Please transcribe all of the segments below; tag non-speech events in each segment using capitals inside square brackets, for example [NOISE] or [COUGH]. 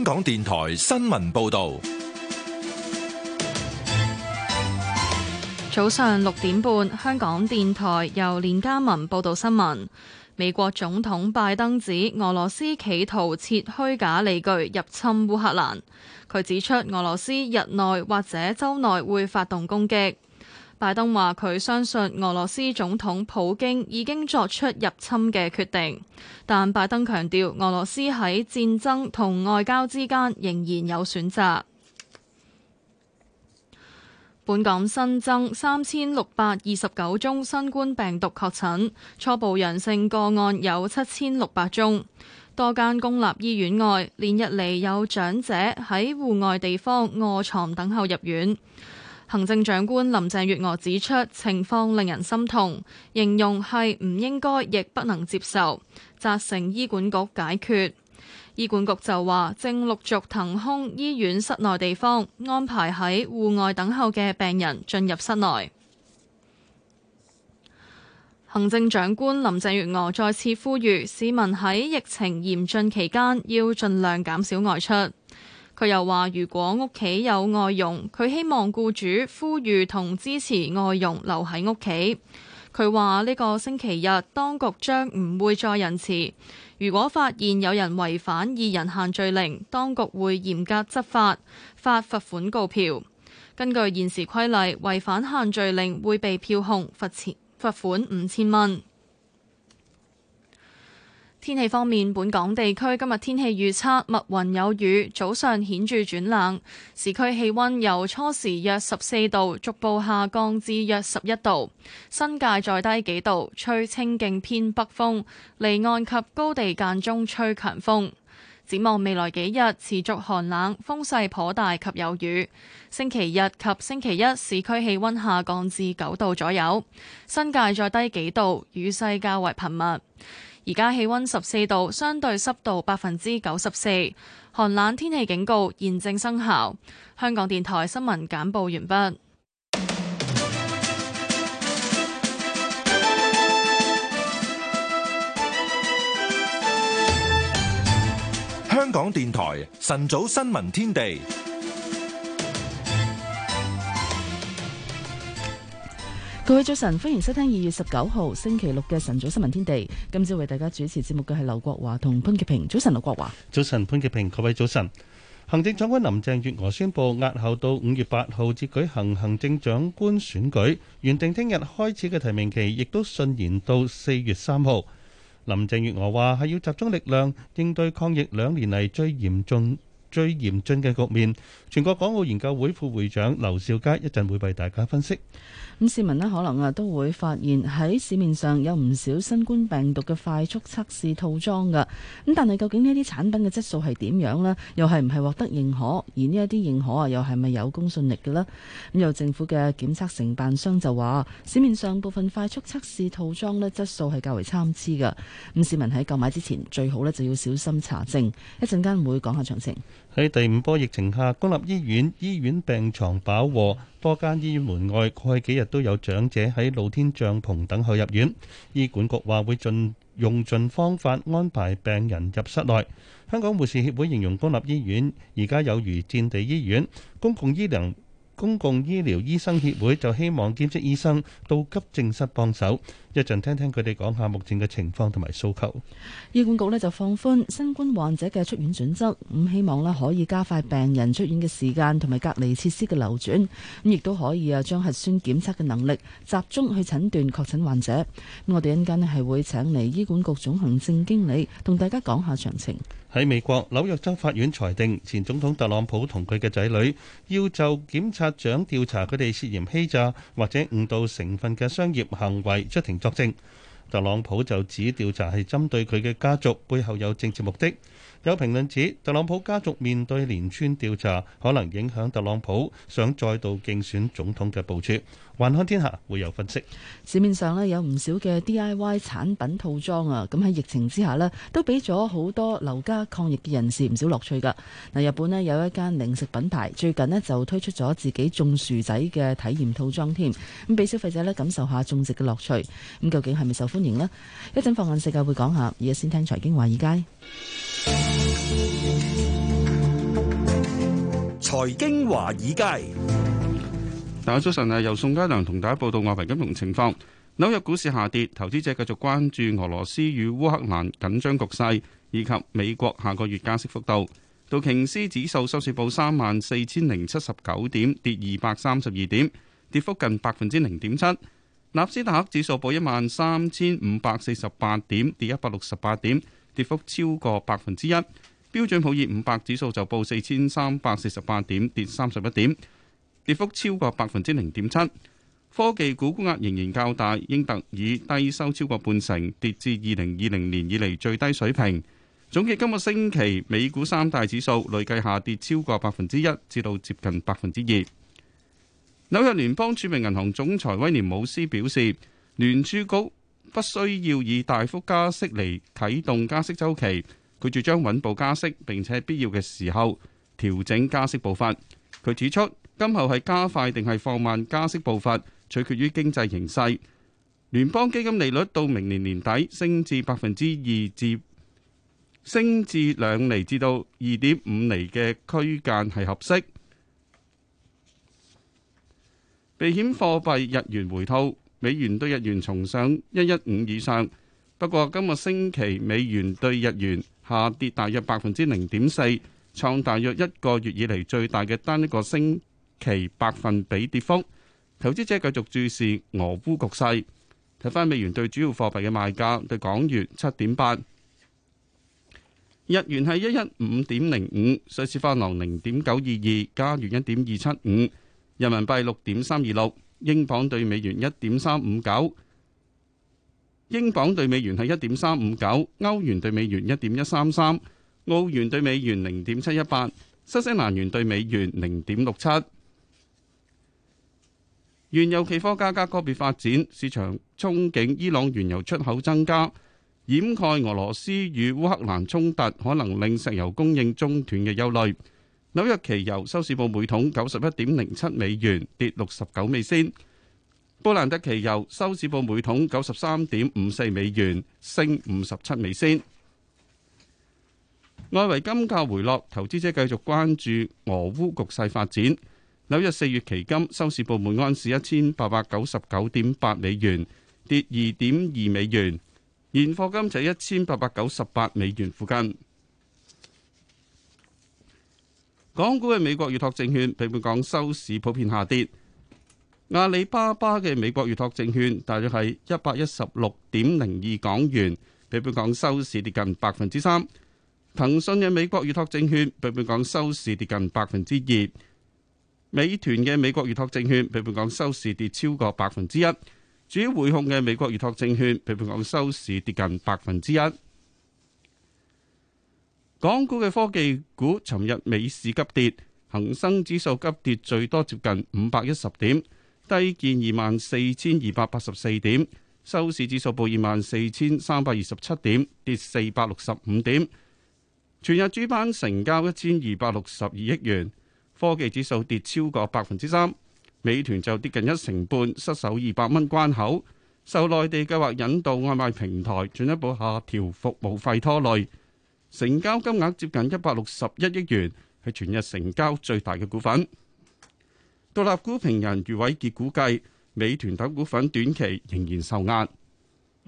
香港電台新聞報道，早上六點半，香港電台由連家文報道新聞。美國總統拜登指俄羅斯企圖設虛假理據入侵烏克蘭，佢指出俄羅斯日內或者周內會發動攻擊。拜登話佢相信俄羅斯總統普京已經作出入侵嘅決定，但拜登強調俄羅斯喺戰爭同外交之間仍然有選擇。本港新增三千六百二十九宗新冠病毒確診，初步陽性個案有七千六百宗。多間公立醫院外，連日嚟有長者喺戶外地方卧床等候入院。行政長官林鄭月娥指出，情況令人心痛，形容係唔應該亦不能接受，責成醫管局解決。醫管局就話，正陸續騰空醫院室內地方，安排喺戶外等候嘅病人進入室內。行政長官林鄭月娥再次呼籲市民喺疫情嚴峻期間要盡量減少外出。佢又話：如果屋企有外傭，佢希望僱主呼籲同支持外傭留喺屋企。佢話呢個星期日，當局將唔會再仁慈。如果發現有人違反二人限聚令，當局會嚴格執法，發罰款告票。根據現時規例，違反限聚令會被票控罰錢，罰款五千蚊。天氣方面，本港地區今日天氣預測密雲有雨，早上顯著轉冷，市區氣溫由初時約十四度逐步下降至約十一度，新界再低幾度，吹清勁偏北風，離岸及高地間中吹強風。展望未來幾日持續寒冷，風勢頗大及有雨。星期日及星期一市區氣溫下降至九度左右，新界再低幾度，雨勢較為頻密。而家氣溫十四度，相對濕度百分之九十四，寒冷天氣警告現正生效。香港電台新聞簡報完畢。香港電台晨早新聞天地。各位早晨，歡迎收聽二月十九號星期六嘅晨早新聞天地。今朝為大家主持節目嘅係劉國華同潘潔平。早晨，劉國華。早晨，潘潔平。各位早晨，行政長官林鄭月娥宣布押後到五月八號至舉行行政長官選舉，原定聽日開始嘅提名期亦都順延到四月三號。林鄭月娥話係要集中力量應對抗疫兩年嚟最嚴重。最嚴峻嘅局面，全國港澳研究會副會長劉兆佳一陣會為大家分析。咁市民咧可能啊都會發現喺市面上有唔少新冠病毒嘅快速測試套裝㗎，咁但係究竟呢啲產品嘅質素係點樣呢？又係唔係獲得認可？而呢一啲認可啊又係咪有公信力嘅呢？咁由政府嘅檢測承辦商就話，市面上部分快速測試套裝咧質素係較為參差㗎。咁市民喺購買之前最好咧就要小心查證。一陣間會講下詳情。喺第五波疫情下，公立醫院醫院病床飽和，多間醫院門外過去幾日都有長者喺露天帳篷等候入院。醫管局話會盡用盡方法安排病人入室內。香港護士協會形容公立醫院而家有如戰地醫院，公共醫療公共醫療醫生協會就希望兼職醫生到急症室幫手，一陣聽聽佢哋講下目前嘅情況同埋訴求。醫管局咧就放寬新冠患者嘅出院準則，咁希望咧可以加快病人出院嘅時間同埋隔離設施嘅流轉，咁亦都可以啊將核酸檢測嘅能力集中去診斷確診患者。咁我哋一陣間咧係會請嚟醫管局總行政經理同大家講下詳情。喺美國紐約州法院裁定，前總統特朗普同佢嘅仔女要就檢察長調查佢哋涉嫌欺詐或者誤導成分嘅商業行為出庭作證。特朗普就指調查係針對佢嘅家族，背後有政治目的。有評論指特朗普家族面對連串調查，可能影響特朗普想再度競選總統嘅部署。還看天下會有分析，市面上呢有唔少嘅 DIY 產品套裝啊，咁喺疫情之下呢，都俾咗好多留家抗疫嘅人士唔少樂趣噶。嗱，日本呢有一間零食品牌最近呢就推出咗自己種薯仔嘅體驗套裝添，咁俾消費者呢感受下種植嘅樂趣。咁究竟係咪受歡迎呢？一陣放眼世界會講下，而家先聽財經華爾街。財經華爾街。大家早晨啊！由宋嘉良同大家報道外圍金融情況。紐約股市下跌，投資者繼續關注俄羅斯與烏克蘭緊張局勢，以及美國下個月加息幅度。道瓊斯指數收市報三萬四千零七十九點，跌二百三十二點，跌幅近百分之零點七。納斯達克指數報一萬三千五百四十八點，跌一百六十八點，跌幅超過百分之一。標準普爾五百指數就報四千三百四十八點，跌三十一點。跌幅超過百分之零點七，科技股估壓仍然較大。英特爾低收超過半成，跌至二零二零年以嚟最低水平。總結今個星期美股三大指數累計下跌超過百分之一，至到接近百分之二。紐約聯邦著名銀行總裁威廉姆斯表示，聯儲局不需要以大幅加息嚟啟動加息周期，佢主張穩步加息，並且必要嘅時候調整加息步伐。佢指出，今後係加快定係放慢加息步伐，取決於經濟形勢。聯邦基金利率到明年年底升至百分之二至升至兩厘至到二點五厘嘅區間係合適。避險貨幣日元回吐，美元兌日元重上一一五以上。不過今個星期美元兌日元下跌大約百分之零點四。創大約一個月以嚟，最大嘅單一個星期百分比跌幅，投資者繼續注視俄烏局勢。睇返美元兌主要貨幣嘅賣價，兌港元七點八，日元係一一五點零五，瑞士法郎零點九二二，加元一點二七五，人民幣六點三二六，英鎊兌美元一點三五九，英鎊兌美元係一點三五九，歐元兌美元一點一三三。澳元兌美元零點七一八，新西蘭元兌美元零點六七。原油期貨價格個別發展，市場憧憬伊朗原油出口增加，掩蓋俄羅斯與烏克蘭衝突可能令石油供應中斷嘅憂慮。紐約期油收市報每桶九十一點零七美元，跌六十九美仙。布蘭特期油收市報每桶九十三點五四美元，升五十七美仙。外圍金價回落，投資者繼續關注俄烏局勢發展。紐約四月期金收市報每安士一千八百九十九點八美元，跌二點二美元。現貨金就喺一千八百九十八美元附近。港股嘅美國預託證券，比本港收市普遍下跌。阿里巴巴嘅美國預託證券，大約係一百一十六點零二港元，比本港收市跌近百分之三。騰訊嘅美國預託證券比本港收市跌近百分之二，美團嘅美國預託證券比本港收市跌超過百分之一，主要匯控嘅美國預託證券比本港收市跌近百分之一。港股嘅科技股尋日美市急跌，恒生指數急跌最多接近五百一十點，低見二萬四千二百八十四點，收市指數報二萬四千三百二十七點，跌四百六十五點。全日主板成交一千二百六十二億元，科技指數跌超過百分之三，美團就跌近一成半，失守二百蚊關口，受內地計劃引導外賣平台進一步下調服務費拖累，成交金額接近一百六十一億元，係全日成交最大嘅股份。獨立股評人余偉杰估計，美團等股份短期仍然受壓。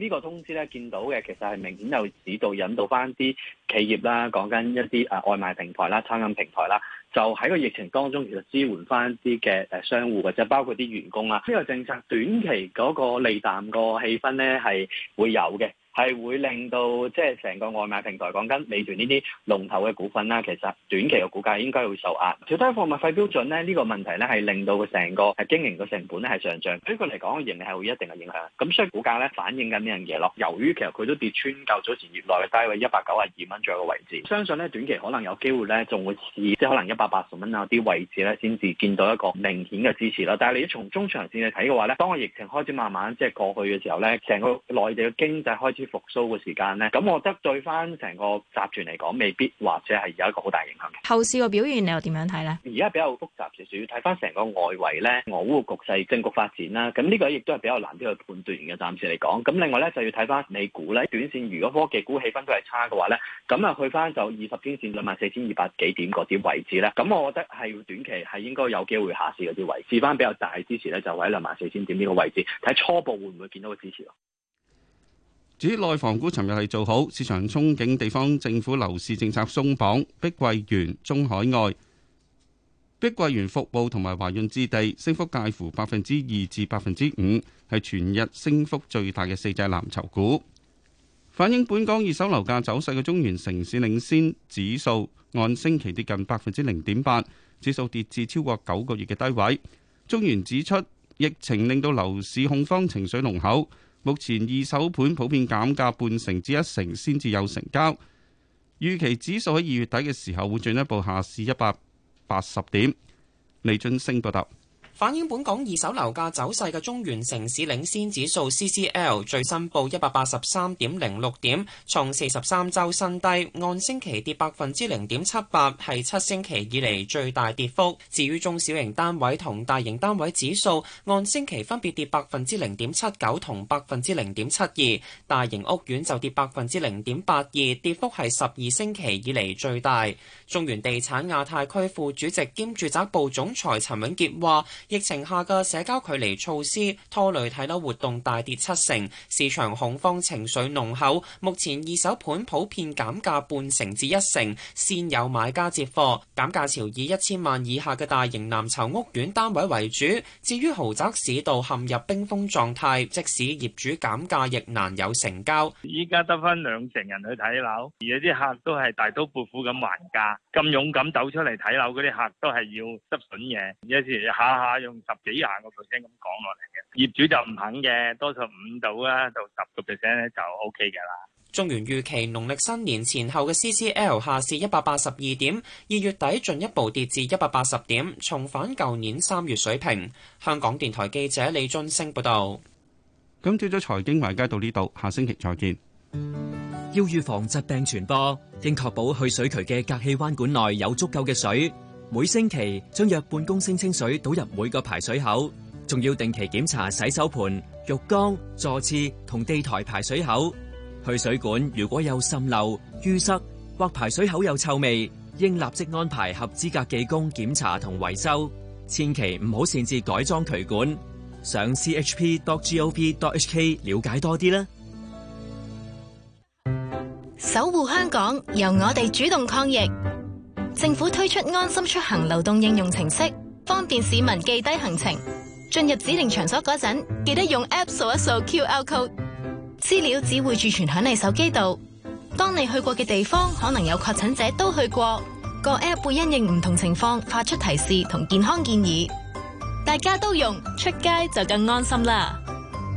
呢個通知咧，見到嘅其實係明顯有指導引導翻啲企業啦，講緊一啲誒外賣平台啦、餐飲平台啦，就喺個疫情當中，其實支援翻啲嘅誒商戶，或者包括啲員工啦。呢個政策短期嗰個利淡個氣氛咧，係會有嘅。係會令到即係成個外賣平台講緊，美團呢啲龍頭嘅股份啦，其實短期嘅股價應該會受壓。最低貨物費標準咧，呢、呢個問題咧係令到佢成個係經營嘅成本咧係上漲，對佢嚟講嘅盈利係會一定嘅影響。咁所以股價咧反映緊呢樣嘢咯。由於其實佢都跌穿較早前月內嘅低位一百九十二蚊左右嘅位置，相信咧短期可能有機會咧仲會試即係可能一百八十蚊啊啲位置咧先至見到一個明顯嘅支持啦。但係你從中長線嚟睇嘅話咧，當個疫情開始慢慢即係過去嘅時候咧，成個內地嘅經濟開始復甦嘅時間咧，咁我覺得對翻成個集團嚟講，未必或者係有一個好大影響嘅。後市嘅表現你又點樣睇咧？而家比較複雜就係要睇翻成個外圍咧，俄烏局勢、政局發展啦。咁呢個亦都係比較難啲去判斷嘅，暫時嚟講。咁另外咧就要睇翻美股咧，短線如果科技股氣氛都係差嘅話咧，咁啊去翻就二十天線兩萬四千二百幾點嗰啲位置咧，咁我覺得係短期係應該有機會下試嗰啲位置。試翻比較大支持咧，就喺兩萬四千點呢個位置，睇初步會唔會見到個支持咯。至於內房股尋日係做好，市場憧憬地方政府樓市政策鬆綁，碧桂園、中海外、碧桂園服務同埋華潤置地升幅介乎百分之二至百分之五，係全日升幅最大嘅四隻藍籌股。反映本港二手樓價走勢嘅中原城市領先指數按星期跌近百分之零點八，指數跌至超過九個月嘅低位。中原指出，疫情令到樓市控方情緒濃厚。目前二手盤普遍減價半成至一成先至有成交，預期指數喺二月底嘅時候會進一步下試一百八十點。李俊升報道。反映本港二手樓價走勢嘅中原城市領先指數 （CCL） 最新報一百八十三點零六點，創四十三周新低，按星期跌百分之零點七八，係七星期以嚟，最大跌幅。至於中小型單位同大型單位指數，按星期分別跌百分之零點七九同百分之零點七二，大型屋苑就跌百分之零點八二，跌幅係十二星期以嚟最大。中原地產亞太區副主席兼住宅部總裁陳永傑話。疫情下嘅社交距離措施拖累睇樓活動大跌七成，市場恐慌情緒濃厚。目前二手盤普遍減價半成至一成，先有買家接貨。減價潮以一千萬以下嘅大型藍籌屋苑單位為主。至於豪宅市道陷入冰封狀態，即使業主減價，亦難有成交。依家得返兩成人去睇樓，而有啲客都係大刀闊斧咁還價，咁勇敢走出嚟睇樓嗰啲客都係要執筍嘢，有時下下。用十幾廿個 percent 咁講落嚟嘅業主就唔肯嘅，多數五到啦到十個 percent 咧就 OK 嘅啦。中原預期農曆新年前後嘅 CCL 下市一百八十二點，二月底進一步跌至一百八十點，重返舊年三月水平。香港電台記者李俊升報道。咁，接咗財經環街到呢度，下星期再見。要預防疾病傳播，應確保去水渠嘅隔氣彎管內有足夠嘅水。每星期將約半公升清水倒入每個排水口，仲要定期檢查洗手盆、浴缸、坐廁同地台排水口。去水管如果有滲漏、淤塞或排水口有臭味，應立即安排合資格技工檢查同維修。千祈唔好擅自改裝渠管。上 chp.gov.hk 了解多啲啦。守護香港，由我哋主動抗疫。政府推出安心出行流動應用程式，方便市民記低行程。進入指定場所嗰陣，記得用 App 掃一掃 QR code，資料只會儲存響你手機度。當你去過嘅地方可能有確診者都去過，個 App 會因應唔同情況發出提示同健康建議。大家都用，出街就更安心啦！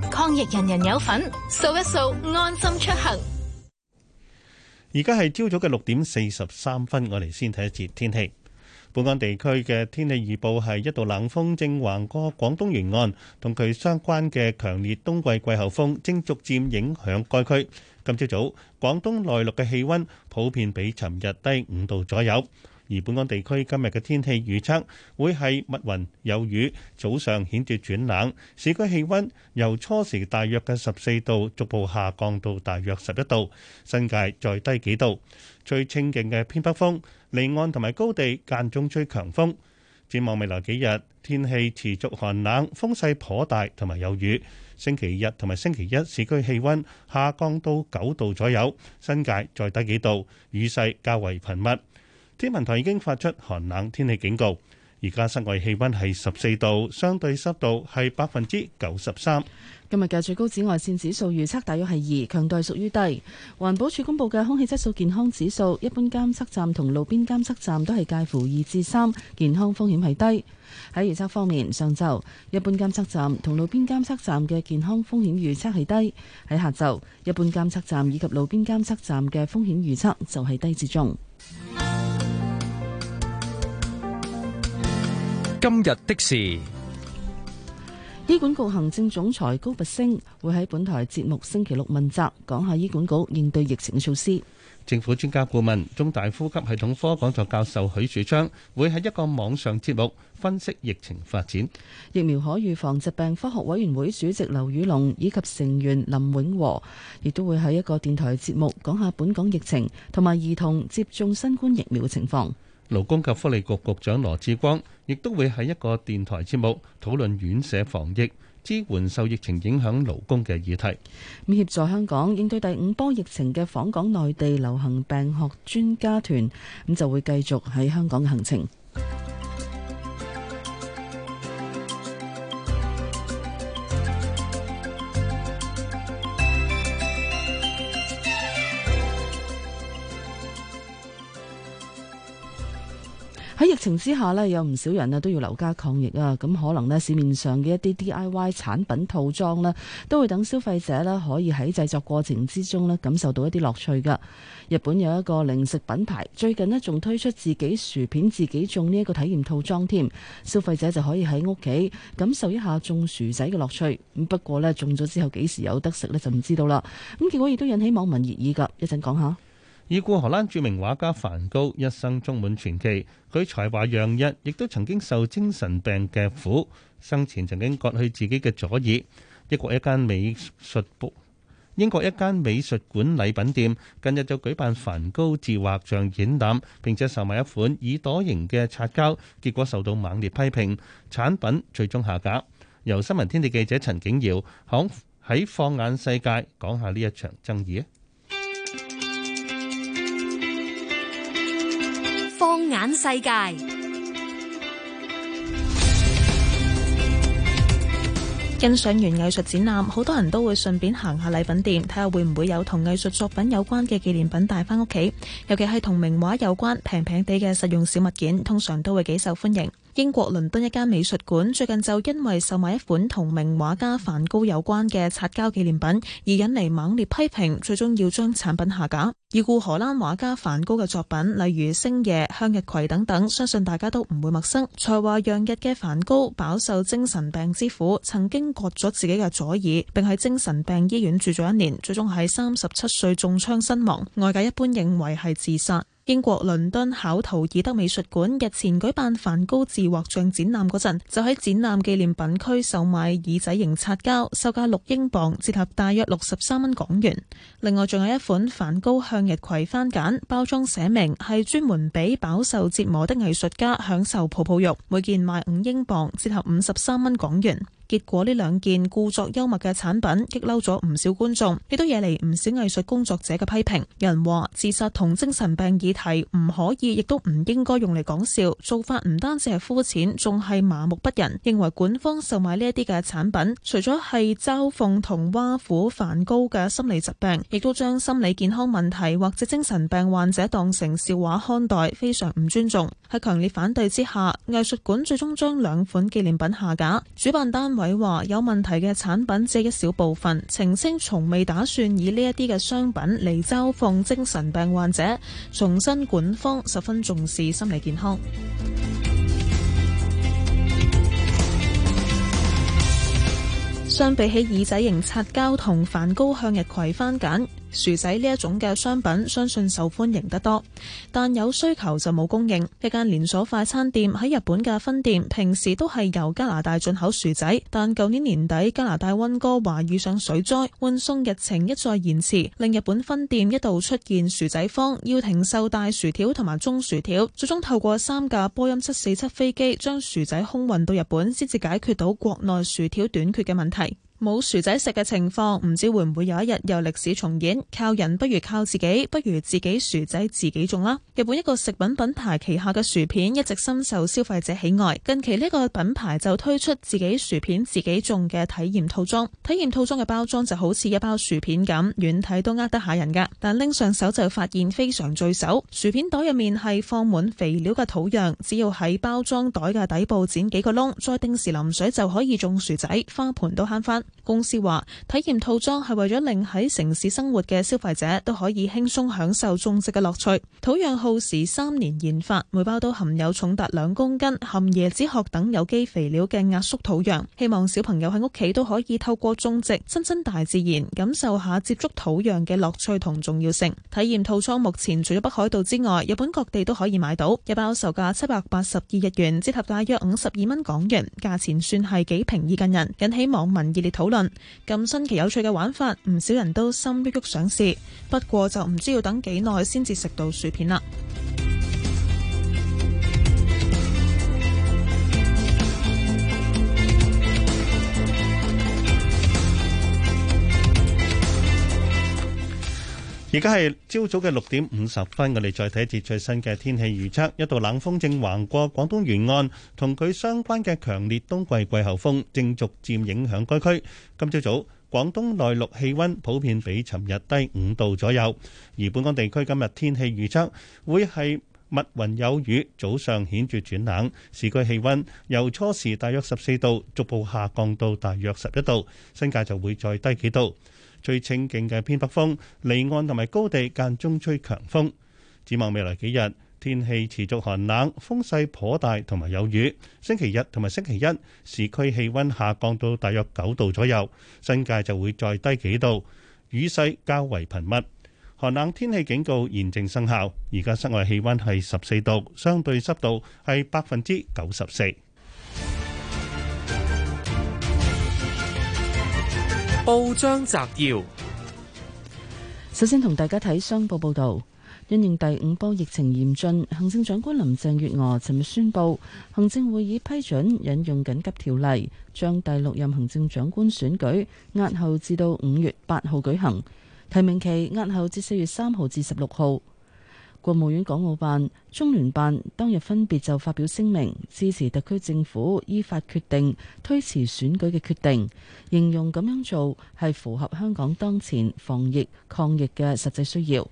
抗疫人人有份，掃一掃安心出行。而家係朝早嘅六點四十三分，我哋先睇一次天氣。本港地區嘅天氣預報係一道冷鋒正橫過廣東沿岸，同佢相關嘅強烈冬季季候風正逐漸影響該區。今朝早廣東內陸嘅氣溫普遍比尋日低五度左右。而本港地區今日嘅天氣預測會係密雲有雨，早上顯著轉冷，市區氣温由初時大約嘅十四度逐步下降到大約十一度，新界再低幾度。最清勁嘅偏北風，離岸同埋高地間中吹強風。展望未來幾日，天氣持續寒冷，風勢頗大，同埋有雨。星期日同埋星期一市區氣温下降到九度左右，新界再低幾度，雨勢較為頻密。天文台已經發出寒冷天氣警告。而家室外氣溫係十四度，相對濕度係百分之九十三。今日嘅最高紫外線指數預測大約係二，強度屬於低。環保署公布嘅空氣質素健康指數，一般監測站同路邊監測站都係介乎二至三，健康風險係低。喺預測方面，上晝一般監測站同路邊監測站嘅健康風險預測係低；喺下晝，一般監測站以及路邊監測站嘅風險預測就係低至中。今日的事，醫管局行政總裁高拔升會喺本台節目星期六問責，講下醫管局應對疫情措施。政府專家顧問、中大呼吸系統科講座教授許樹昌會喺一個網上節目分析疫情發展。疫苗可預防疾病科學委員會主席劉宇龍以及成員林永和，亦都會喺一個電台節目講下本港疫情同埋兒童接種新冠疫苗嘅情況。勞工及福利局局長羅致光亦都會喺一個電台節目討論院舍防疫、支援受疫情影響勞工嘅議題。咁協助香港應對第五波疫情嘅訪港內地流行病學專家團咁就會繼續喺香港嘅行程。喺疫情之下呢，有唔少人啊都要留家抗疫啊！咁可能呢，市面上嘅一啲 DIY 產品套裝呢，都會等消費者呢可以喺製作過程之中呢感受到一啲樂趣噶。日本有一個零食品牌，最近呢仲推出自己薯片自己種呢一個體驗套裝添，消費者就可以喺屋企感受一下種薯仔嘅樂趣。咁不過呢種咗之後幾時有得食呢就唔知道啦。咁結果亦都引起網民熱議噶，一陣講下。已故荷蘭著名畫家梵高一生充滿傳奇，佢才華洋溢，亦都曾經受精神病嘅苦，生前曾經割去自己嘅左耳。英國一間美術英國一間美術館禮品店近日就舉辦梵高自畫像展覽，並且售賣一款耳朵形嘅擦膠，結果受到猛烈批評，產品最終下架。由新聞天地記者陳景堯響喺放眼世界講下呢一場爭議。眼世界欣賞完藝術展覽，好多人都會順便行下禮品店，睇下會唔會有同藝術作品有關嘅紀念品帶返屋企。尤其係同名畫有關平平哋嘅實用小物件，通常都會幾受歡迎。英國倫敦一間美術館最近就因為售賣一款同名畫家梵高有關嘅擦膠紀念品而引嚟猛烈批評，最終要將產品下架。已故荷蘭畫家梵高嘅作品，例如《星夜》、《向日葵》等等，相信大家都唔會陌生。才華讓日嘅梵高飽受精神病之苦，曾經割咗自己嘅左耳，並喺精神病醫院住咗一年，最終喺三十七歲中槍身亡，外界一般認為係自殺。英國倫敦考陶爾德美術館日前舉辦梵高自畫像展覽嗰陣，就喺展覽紀念品區售賣耳仔形擦膠，售價六英鎊，折合大約六十三蚊港元。另外，仲有一款梵高向日葵番梘，包裝寫明係專門俾飽受折磨的藝術家享受泡泡浴，每件賣五英鎊，折合五十三蚊港元。結果呢兩件故作幽默嘅產品激嬲咗唔少觀眾，亦都惹嚟唔少藝術工作者嘅批評。有人話自殺同精神病議題唔可以，亦都唔應該用嚟講笑，做法唔單止係膚淺，仲係麻木不仁。認為館方售賣呢一啲嘅產品，除咗係嘲諷同挖苦梵高嘅心理疾病，亦都將心理健康問題或者精神病患者當成笑話看待，非常唔尊重。喺強烈反對之下，藝術館最終將兩款紀念品下架，主辦單。委話有問題嘅產品只係一小部分，澄清從未打算以呢一啲嘅商品嚟嘲諷精神病患者。重新管方十分重視心理健康。相比起耳仔型擦膠同梵高向日葵番簡。薯仔呢一種嘅商品相信受歡迎得多，但有需求就冇供應。一間連鎖快餐店喺日本嘅分店平時都係由加拿大進口薯仔，但舊年年底加拿大溫哥華遇上水災，運送日程一再延遲，令日本分店一度出現薯仔荒，要停售大薯條同埋中薯條，最終透過三架波音七四七飛機將薯仔空運到日本，先至解決到國內薯條短缺嘅問題。冇薯仔食嘅情況，唔知會唔會有一日又歷史重演？靠人不如靠自己，不如自己薯仔自己種啦！日本一個食品品牌旗下嘅薯片一直深受消費者喜愛。近期呢個品牌就推出自己薯片自己種嘅體驗套裝。體驗套裝嘅包裝就好似一包薯片咁，遠睇都呃得下人㗎。但拎上手就發現非常墜手。薯片袋入面係放滿肥料嘅土壤，只要喺包裝袋嘅底部剪幾個窿，再定時淋水就可以種薯仔，花盆都慳返。公司話，體驗套裝係為咗令喺城市生活嘅消費者都可以輕鬆享受種植嘅樂趣。土壤耗時三年研發，每包都含有重達兩公斤含椰子殼等有機肥料嘅壓縮土壤。希望小朋友喺屋企都可以透過種植，親親大自然，感受下接觸土壤嘅樂趣同重要性。體驗套裝目前除咗北海道之外，日本各地都可以買到。一包售價七百八十二日元，折合大約五十二蚊港元，價錢算係幾平易近人，引起網民熱烈討論咁新奇有趣嘅玩法，唔少人都心喐喐想試，不過就唔知要等幾耐先至食到薯片啦。而家係朝早嘅六點五十分，我哋再睇一節最新嘅天氣預測。一道冷鋒正橫過廣東沿岸，同佢相關嘅強烈冬季季候風正逐漸影響該區。今朝早廣東內陸氣溫普遍比尋日低五度左右，而本港地區今日天氣預測會係密雲有雨，早上顯著轉冷，市區氣溫由初時大約十四度逐步下降到大約十一度，新界就會再低幾度。最清勁嘅偏北風，離岸同埋高地間中吹強風。展望未來幾日，天氣持續寒冷，風勢頗大，同埋有雨。星期日同埋星期一，市區氣溫下降到大約九度左右，新界就會再低幾度，雨勢較為頻密。寒冷天氣警告現正生效。而家室外氣溫係十四度，相對濕度係百分之九十四。報章摘要：首先同大家睇商報報道，因應第五波疫情嚴峻，行政長官林鄭月娥尋日宣布，行政會議批准引用緊急條例，將第六任行政長官選舉押後至到五月八號舉行，提名期押後至四月三號至十六號。國務院港澳辦、中聯辦當日分別就發表聲明，支持特區政府依法決定推遲選舉嘅決定，形容咁樣做係符合香港當前防疫抗疫嘅實際需要。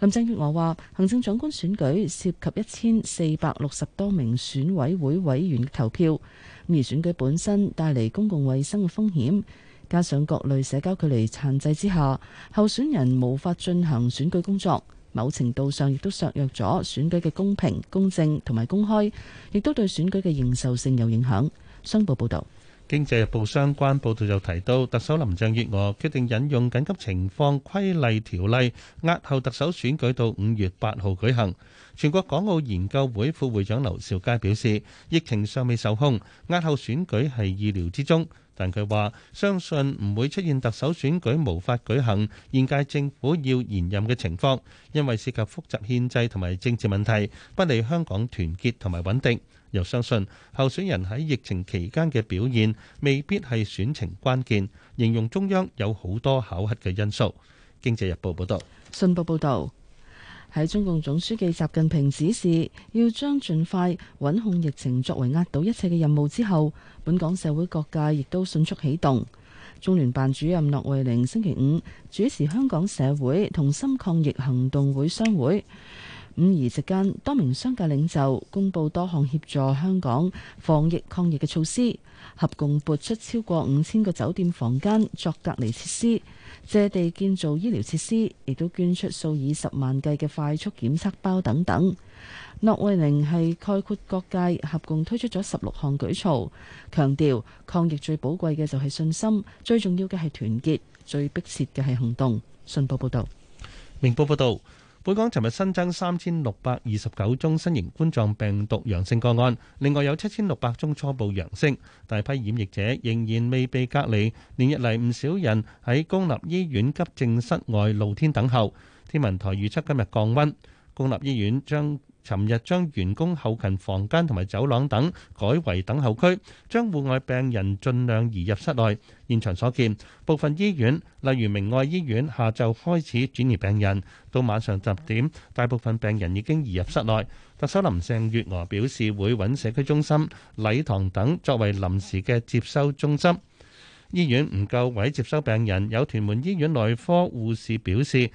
林鄭月娥話：行政長官選舉涉及一千四百六十多名選委會委員投票，而選舉本身帶嚟公共衛生嘅風險，加上各類社交距離限制之下，候選人無法進行選舉工作。某程度上亦都削弱咗選舉嘅公平、公正同埋公開，亦都對選舉嘅認受性有影響。商報報道。經濟日報相關報道就提到特首林鄭月娥決定引用緊急情況規例條例押後特首選舉到5月8號舉行。全國港澳研究會副會長劉兆佳表示，疫情尚未受控，押後選舉係意料之中。但佢話，相信唔會出現特首選舉無法舉行、現屆政府要延任嘅情況，因為涉及複雜憲制同埋政治問題，不利香港團結同埋穩定。又相信候選人喺疫情期間嘅表現未必係選情關鍵，形容中央有好多考核嘅因素。經濟日報報道。信報報道，喺中共總書記習近平指示要將盡快穩控疫情作為壓倒一切嘅任務之後，本港社會各界亦都迅速啟動，中聯辦主任駱惠寧星期五主持香港社會同心抗疫行動會商會。午時席間，多名商界領袖公布多項協助香港防疫抗疫嘅措施，合共撥出超過五千個酒店房間作隔離設施，借地建造醫療設施，亦都捐出數以十萬計嘅快速檢測包等等。駱惠寧係概括各界合共推出咗十六項舉措，強調抗疫最寶貴嘅就係信心，最重要嘅係團結，最迫切嘅係行動。信報報道。明報報導。本港尋日新增三千六百二十九宗新型冠狀病毒陽性個案，另外有七千六百宗初步陽性，大批染疫者仍然未被隔離。連日嚟唔少人喺公立醫院急症室外露天等候。天文台預測今日降溫，公立醫院將。尋日將員工後勤房間同埋走廊等改為等候區，將戶外病人儘量移入室內。現場所見，部分醫院，例如明愛醫院，下晝開始轉移病人，到晚上十點，大部分病人已經移入室內。特首林鄭月娥表示會揾社區中心、禮堂等作為臨時嘅接收中心。醫院唔夠位接收病人，有屯門醫院內科護士表示。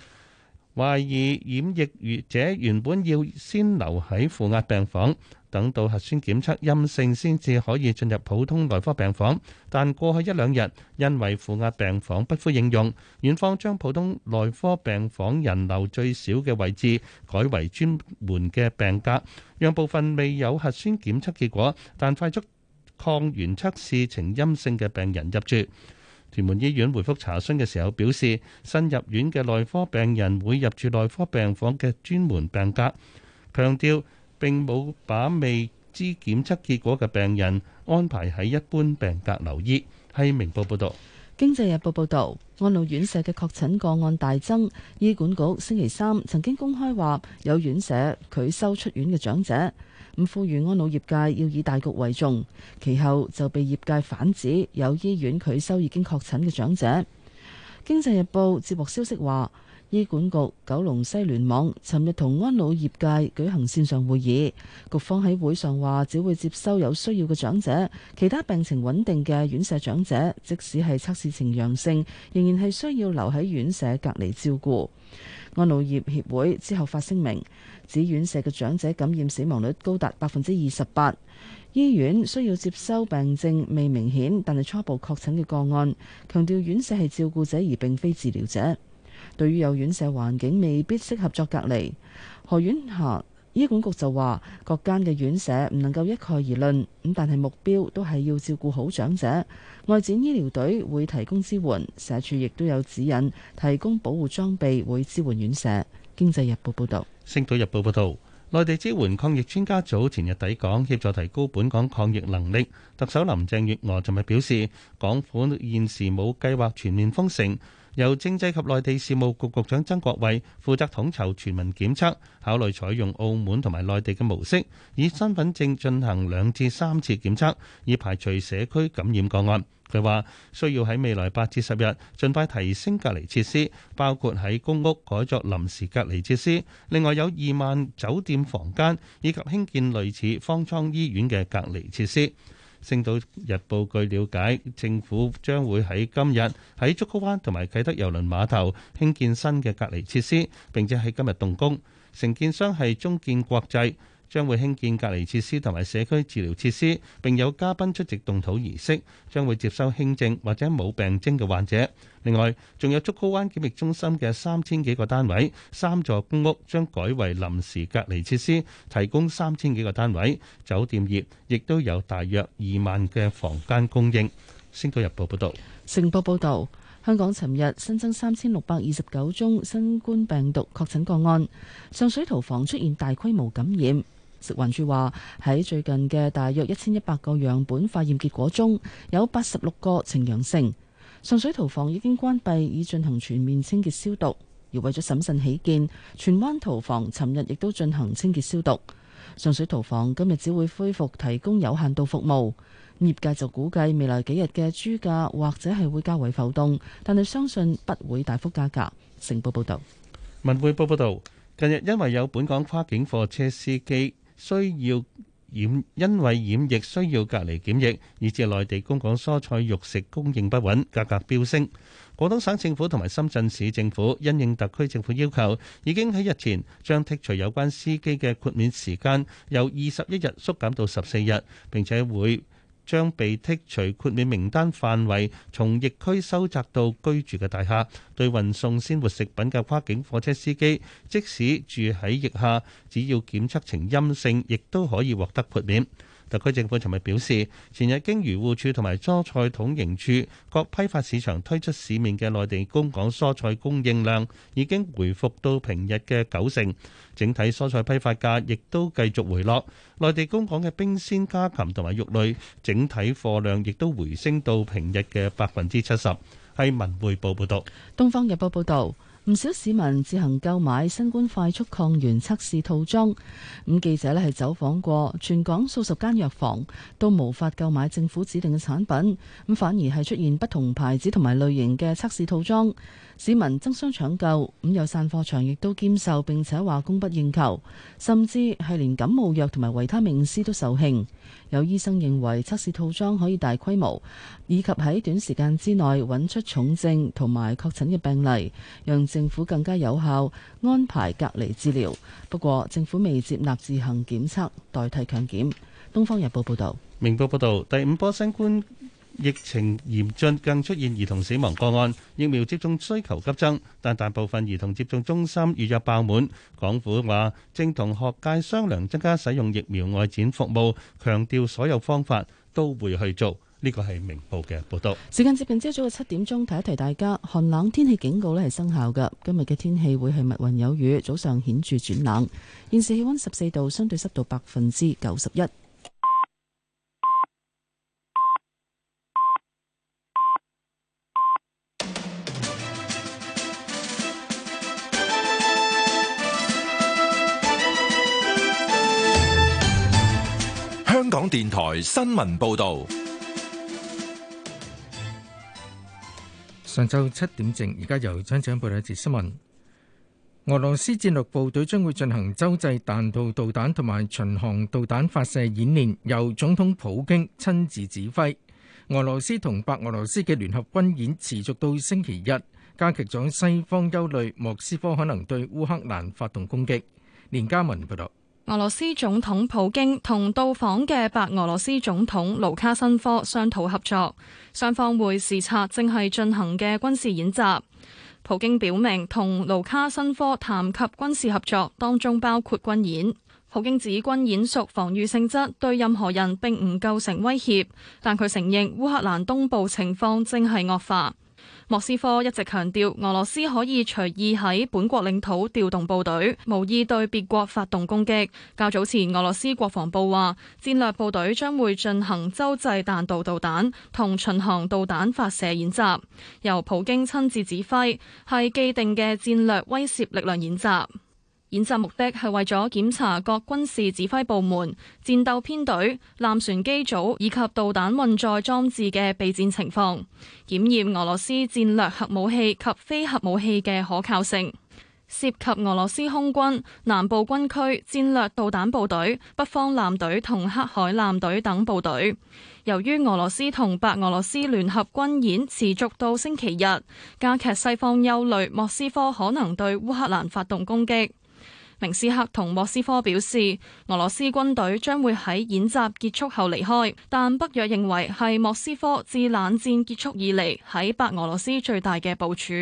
懷疑染疫者原本要先留喺負壓病房，等到核酸檢測陰性先至可以進入普通內科病房。但過去一兩日，因為負壓病房不敷應用，院方將普通內科病房人流最少嘅位置改為專門嘅病格，讓部分未有核酸檢測結果但快速抗原測試呈陰性嘅病人入住。屯門醫院回覆查詢嘅時候表示，新入院嘅內科病人會入住內科病房嘅專門病格，強調並冇把未知檢測結果嘅病人安排喺一般病格留醫。係明報報道，經濟日報報道，安老院舍嘅確診個案大增，醫管局星期三曾經公開話有院舍拒收出院嘅長者。咁呼籲安老業界要以大局為重，其後就被業界反指有醫院拒收已經確診嘅長者。經濟日報接獲消息話，醫管局、九龍西聯網尋日同安老業界舉行線上會議，局方喺會上話只會接收有需要嘅長者，其他病情穩定嘅院舍長者，即使係測試呈陽性，仍然係需要留喺院舍隔離照顧。安老業協會之後發聲明指，院舍嘅長者感染死亡率高達百分之二十八。醫院需要接收病症未明顯但係初步確診嘅個案，強調院舍係照顧者而並非治療者。對於有院舍環境未必適合作隔離，何婉霞醫管局就話：各間嘅院舍唔能夠一概而論，咁但係目標都係要照顧好長者。外展醫療隊會提供支援，社署亦都有指引提供保護裝備，會支援院舍。經濟日報報道，星島日報報道：「內地支援抗疫專家組前日抵港協助提高本港抗疫能力。特首林鄭月娥昨日表示，港府現時冇計劃全面封城。由政制及內地事務局局長曾國衛負責統籌全民檢測，考慮採用澳門同埋內地嘅模式，以身份證進行兩至三次檢測，以排除社區感染個案。佢話需要喺未來八至十日，盡快提升隔離設施，包括喺公屋改作臨時隔離設施，另外有二萬酒店房間以及興建類似方艙醫院嘅隔離設施。星島日報，據了解，政府將會喺今日喺竹篙灣同埋啟德郵輪碼頭興建新嘅隔離設施，並且喺今日動工。承建商係中建國際。將會興建隔離設施同埋社區治療設施，並有嘉賓出席動土儀式。將會接收輕症或者冇病徵嘅患者。另外，仲有竹篙灣檢疫中心嘅三千幾個單位、三座公屋將改為臨時隔離設施，提供三千幾個單位。酒店業亦都有大約二萬嘅房間供應。星島日報報道：「成報報道，香港尋日新增三千六百二十九宗新冠病毒確診個案，上水屠房出現大規模感染。食環署話喺最近嘅大約一千一百個樣本化驗結果中，有八十六個呈陽性。上水屠房已經關閉，已進行全面清潔消毒。而為咗審慎起見，荃灣屠房尋日亦都進行清潔消毒。上水屠房今日只會恢復提供有限度服務。業界就估計未來幾日嘅豬價或者係會較為浮動，但係相信不會大幅加價。成報報道，文匯報報道，近日因為有本港跨境貨車司機。需要染，因為染疫需要隔離檢疫，以致內地供港蔬菜肉食供應不穩，價格飆升。廣東省政府同埋深圳市政府因應特區政府要求，已經喺日前將剔除有關司機嘅豁免時間由二十一日縮減到十四日，並且會將被剔除豁免名單範圍，從疫區收窄到居住嘅大廈。對運送鮮活食品嘅跨境火車司機，即使住喺疫廈，只要檢測呈陰性，亦都可以獲得豁免。特區政府尋日表示，前日經漁護署同埋蔬菜統營處各批發市場推出市面嘅內地公港蔬菜供應量已經回復到平日嘅九成，整體蔬菜批發價亦都繼續回落。內地公港嘅冰鮮家禽同埋肉類整體貨量亦都回升到平日嘅百分之七十。係《文匯報》報道，《東方日報》報道。唔少市民自行購買新冠快速抗原測試套裝，咁、嗯、記者咧係走訪過全港數十間藥房，都無法購買政府指定嘅產品，咁、嗯、反而係出現不同牌子同埋類型嘅測試套裝。市民爭相搶救，咁、嗯、有散貨場亦都兼售，並且話供不應求，甚至係連感冒藥同埋維他命 C 都售罄。有醫生認為，測試套裝可以大規模，以及喺短時間之內揾出重症同埋確診嘅病例，讓政府更加有效安排隔離治療。不過，政府未接納自行檢測代替強檢。《東方日報》報道。《明報》報道，第五波新冠。疫情嚴峻，更出現兒童死亡個案，疫苗接種需求急增，但大部分兒童接種中心預約爆滿。港府話正同學界商量增加使用疫苗外展服務，強調所有方法都會去做。呢個係明報嘅報導。時間接近朝早嘅七點鐘，提一提大家寒冷天氣警告咧係生效㗎。今日嘅天氣會係密雲有雨，早上顯著轉冷。現時氣温十四度，相對濕度百分之九十一。香港電台新聞報道：上晝七點正，而家由張長報道一節新聞。俄羅斯戰略部隊將會進行洲際彈道導彈同埋巡航導彈發射演練，由總統普京親自指揮。俄羅斯同白俄羅斯嘅聯合軍演持續到星期一，加劇咗西方憂慮，莫斯科可能對烏克蘭發動攻擊。連家文報道。俄羅斯總統普京同到訪嘅白俄羅斯總統盧卡申科商討合作，雙方會視察正係進行嘅軍事演習。普京表明，同盧卡申科談及軍事合作當中包括軍演。普京指軍演屬防禦性質，對任何人並唔構成威脅，但佢承認烏克蘭東部情況正係惡化。莫斯科一直強調，俄羅斯可以隨意喺本國領土調動部隊，無意對別國發動攻擊。較早前，俄羅斯國防部話，戰略部隊將會進行洲際彈道導彈同巡航導彈發射演習，由普京親自指揮，係既定嘅戰略威懾力量演習。演習目的係為咗檢查各軍事指揮部門、戰鬥編隊、艦船機組以及導彈運載裝置嘅備戰情況，檢驗俄羅斯戰略核武器及非核武器嘅可靠性。涉及俄羅斯空軍、南部軍區戰略導彈部隊、北方艦隊同黑海艦隊等部隊。由於俄羅斯同白俄羅斯聯合軍演持續到星期日，加劇西方憂慮莫斯科可能對烏克蘭發動攻擊。明斯克同莫斯科表示，俄羅斯軍隊將會喺演習結束後離開，但北約認為係莫斯科自冷戰結束以嚟喺白俄羅斯最大嘅部署。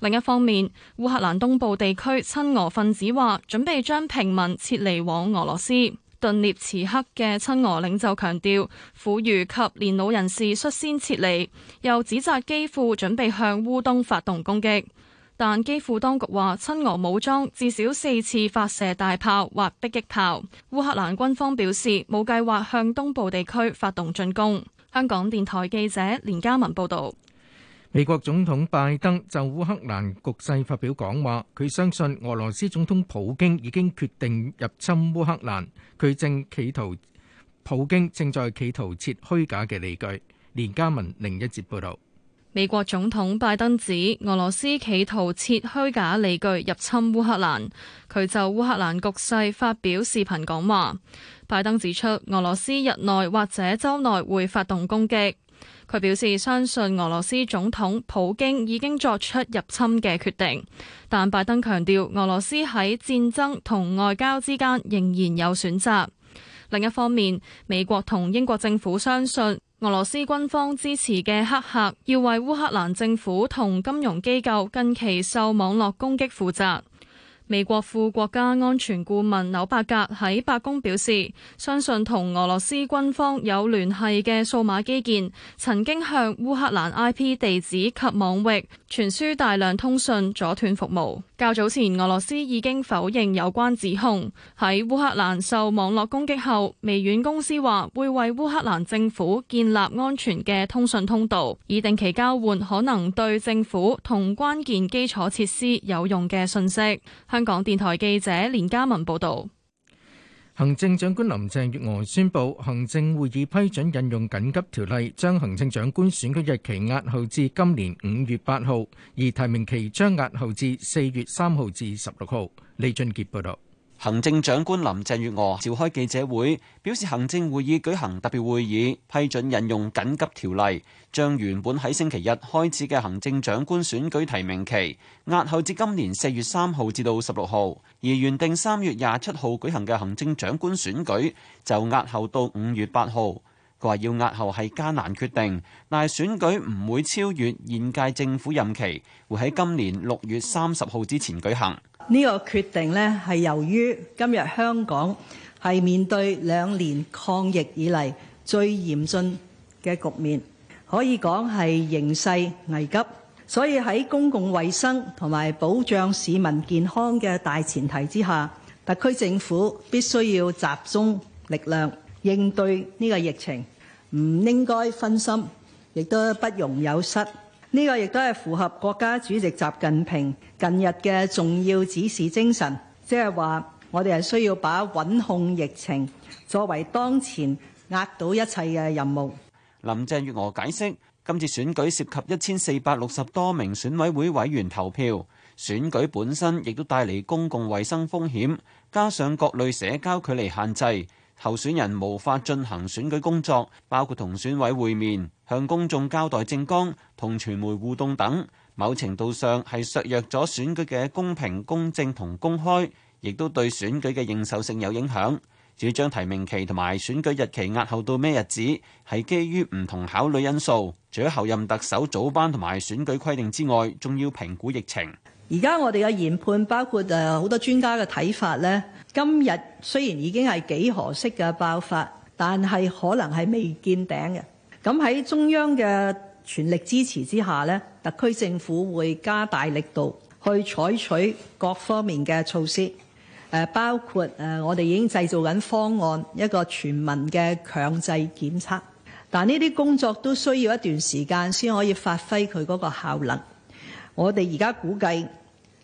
另一方面，烏克蘭東部地區親俄分子話準備將平民撤離往俄羅斯。頓涅茨克嘅親俄領袖強調，婦孺及年老人士率先撤離，又指責基輔準備向烏東發動攻擊。但基輔當局話，親俄武裝至少四次發射大炮或迫擊炮。烏克蘭軍方表示，冇計劃向東部地區發動進攻。香港電台記者連嘉文報導。美國總統拜登就烏克蘭局勢發表講話，佢相信俄羅斯總統普京已經決定入侵烏克蘭，佢正企圖普京正在企圖設虛假嘅理據。連嘉文另一節報導。美國總統拜登指俄羅斯企圖設虛假理據入侵烏克蘭，佢就烏克蘭局勢發表視頻講話。拜登指出，俄羅斯日內或者周內會發動攻擊。佢表示相信俄羅斯總統普京已經作出入侵嘅決定，但拜登強調俄羅斯喺戰爭同外交之間仍然有選擇。另一方面，美國同英國政府相信。俄羅斯軍方支持嘅黑客，要為烏克蘭政府同金融機構近期受網絡攻擊負責。美國副國家安全顧問紐伯格喺白宮表示，相信同俄羅斯軍方有聯繫嘅數碼基建曾經向烏克蘭 IP 地址及網域傳輸大量通訊，阻斷服務。較早前，俄羅斯已經否認有關指控。喺烏克蘭受網絡攻擊後，微軟公司話會為烏克蘭政府建立安全嘅通訊通道，以定期交換可能對政府同關鍵基礎設施有用嘅信息。香港電台記者連嘉文報道。行政長官林鄭月娥宣布，行政會議批准引用緊急條例，將行政長官選舉日期押後至今年五月八號，而提名期將押後至四月三號至十六號。李俊杰報道。行政長官林鄭月娥召開記者會，表示行政會議舉行特別會議，批准引用緊急條例，將原本喺星期日開始嘅行政長官選舉提名期押後至今年四月三號至到十六號，而原定三月廿七號舉行嘅行政長官選舉就押後到五月八號。佢話要押後係艱難決定，但係選舉唔會超越現屆政府任期，會喺今年六月三十號之前舉行。呢個決定呢，係由於今日香港係面對兩年抗疫以嚟最嚴峻嘅局面，可以講係形勢危急。所以喺公共衛生同埋保障市民健康嘅大前提之下，特區政府必須要集中力量應對呢個疫情，唔應該分心，亦都不容有失。呢個亦都係符合國家主席習近平近日嘅重要指示精神，即係話我哋係需要把穩控疫情作為當前壓倒一切嘅任務。林鄭月娥解釋，今次選舉涉及一千四百六十多名選委會委員投票，選舉本身亦都帶嚟公共衛生風險，加上各類社交距離限制。候選人無法進行選舉工作，包括同選委會面、向公眾交代政綱、同傳媒互動等，某程度上係削弱咗選舉嘅公平、公正同公開，亦都對選舉嘅認受性有影響。主張提名期同埋選舉日期押後到咩日子，係基於唔同考慮因素，除咗候任特首組班同埋選舉規定之外，仲要評估疫情。而家我哋嘅研判，包括誒好多專家嘅睇法咧，今日雖然已經係幾何式嘅爆發，但係可能係未見頂嘅。咁喺中央嘅全力支持之下咧，特區政府會加大力度去採取各方面嘅措施，誒包括誒我哋已經製造緊方案，一個全民嘅強制檢測，但呢啲工作都需要一段時間先可以發揮佢嗰個效能。我哋而家估計，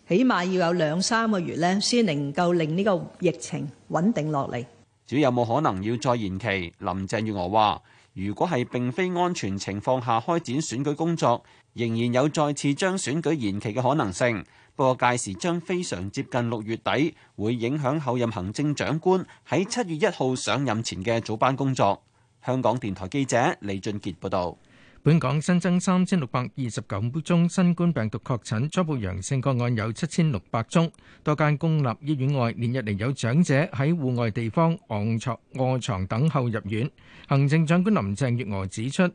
起碼要有兩三個月咧，先能夠令呢個疫情穩定落嚟。至於有冇可能要再延期，林鄭月娥話：如果係並非安全情況下開展選舉工作，仍然有再次將選舉延期嘅可能性。不過屆時將非常接近六月底，會影響後任行政長官喺七月一號上任前嘅早班工作。香港電台記者李俊傑報導。本港新增三千六百二十九宗新冠病毒確診，初步陽性個案有七千六百宗。多間公立醫院外，連日嚟有長者喺戶外地方卧牀等候入院。行政長官林鄭月娥指出，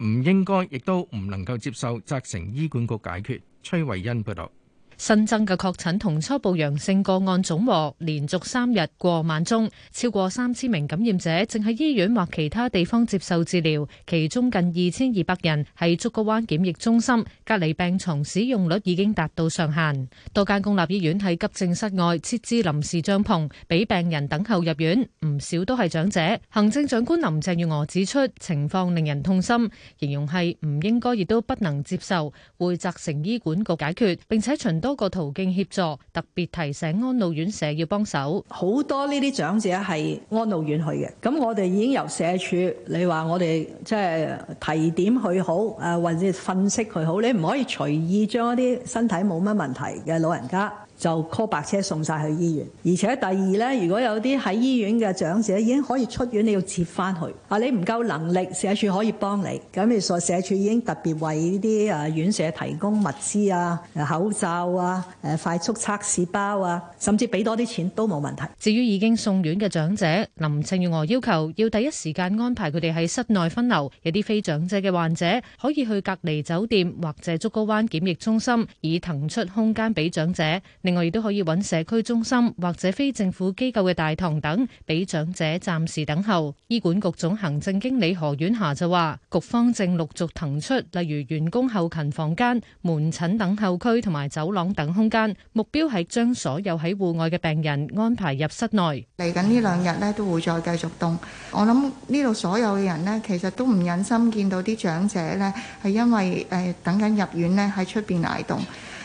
唔應該亦都唔能夠接受責成醫管局解決。崔慧欣報道。新增嘅確診同初步陽性個案總和連續三日過萬宗，超過三千名感染者正喺醫院或其他地方接受治療，其中近二千二百人喺竹篙灣檢疫中心隔離病牀，使用率已經達到上限。多間公立醫院喺急症室外設置臨時帳篷，俾病人等候入院，唔少都係長者。行政長官林鄭月娥指出，情況令人痛心，形容係唔應該亦都不能接受，會責成醫管局解決，並且巡都。多個途徑協助，特別提醒安老院舍要幫手。好多呢啲長者係安老院去嘅，咁我哋已經由社署，你話我哋即係提點佢好，誒或者訓斥佢好，你唔可以隨意將一啲身體冇乜問題嘅老人家。就 call 白車送晒去醫院。而且第二呢，如果有啲喺醫院嘅長者已經可以出院，你要接翻去。啊，你唔夠能力，社署可以幫你。咁譬如所社署已經特別為呢啲啊院舍提供物資啊、口罩啊、誒、啊、快速測試包啊，甚至俾多啲錢都冇問題。至於已經送院嘅長者，林鄭月娥要求要第一時間安排佢哋喺室內分流。有啲非長者嘅患者可以去隔離酒店或者竹篙灣檢疫中心，以騰出空間俾長者。另外，亦都可以揾社區中心或者非政府機構嘅大堂等，俾長者暫時等候。醫管局總行政經理何婉霞就話，局方正陸續騰出，例如員工後勤房間、門診等候區同埋走廊等空間，目標係將所有喺戶外嘅病人安排入室內。嚟緊呢兩日咧，都會再繼續凍。我諗呢度所有嘅人咧，其實都唔忍心見到啲長者呢，係因為誒等緊入院咧，喺出邊捱凍。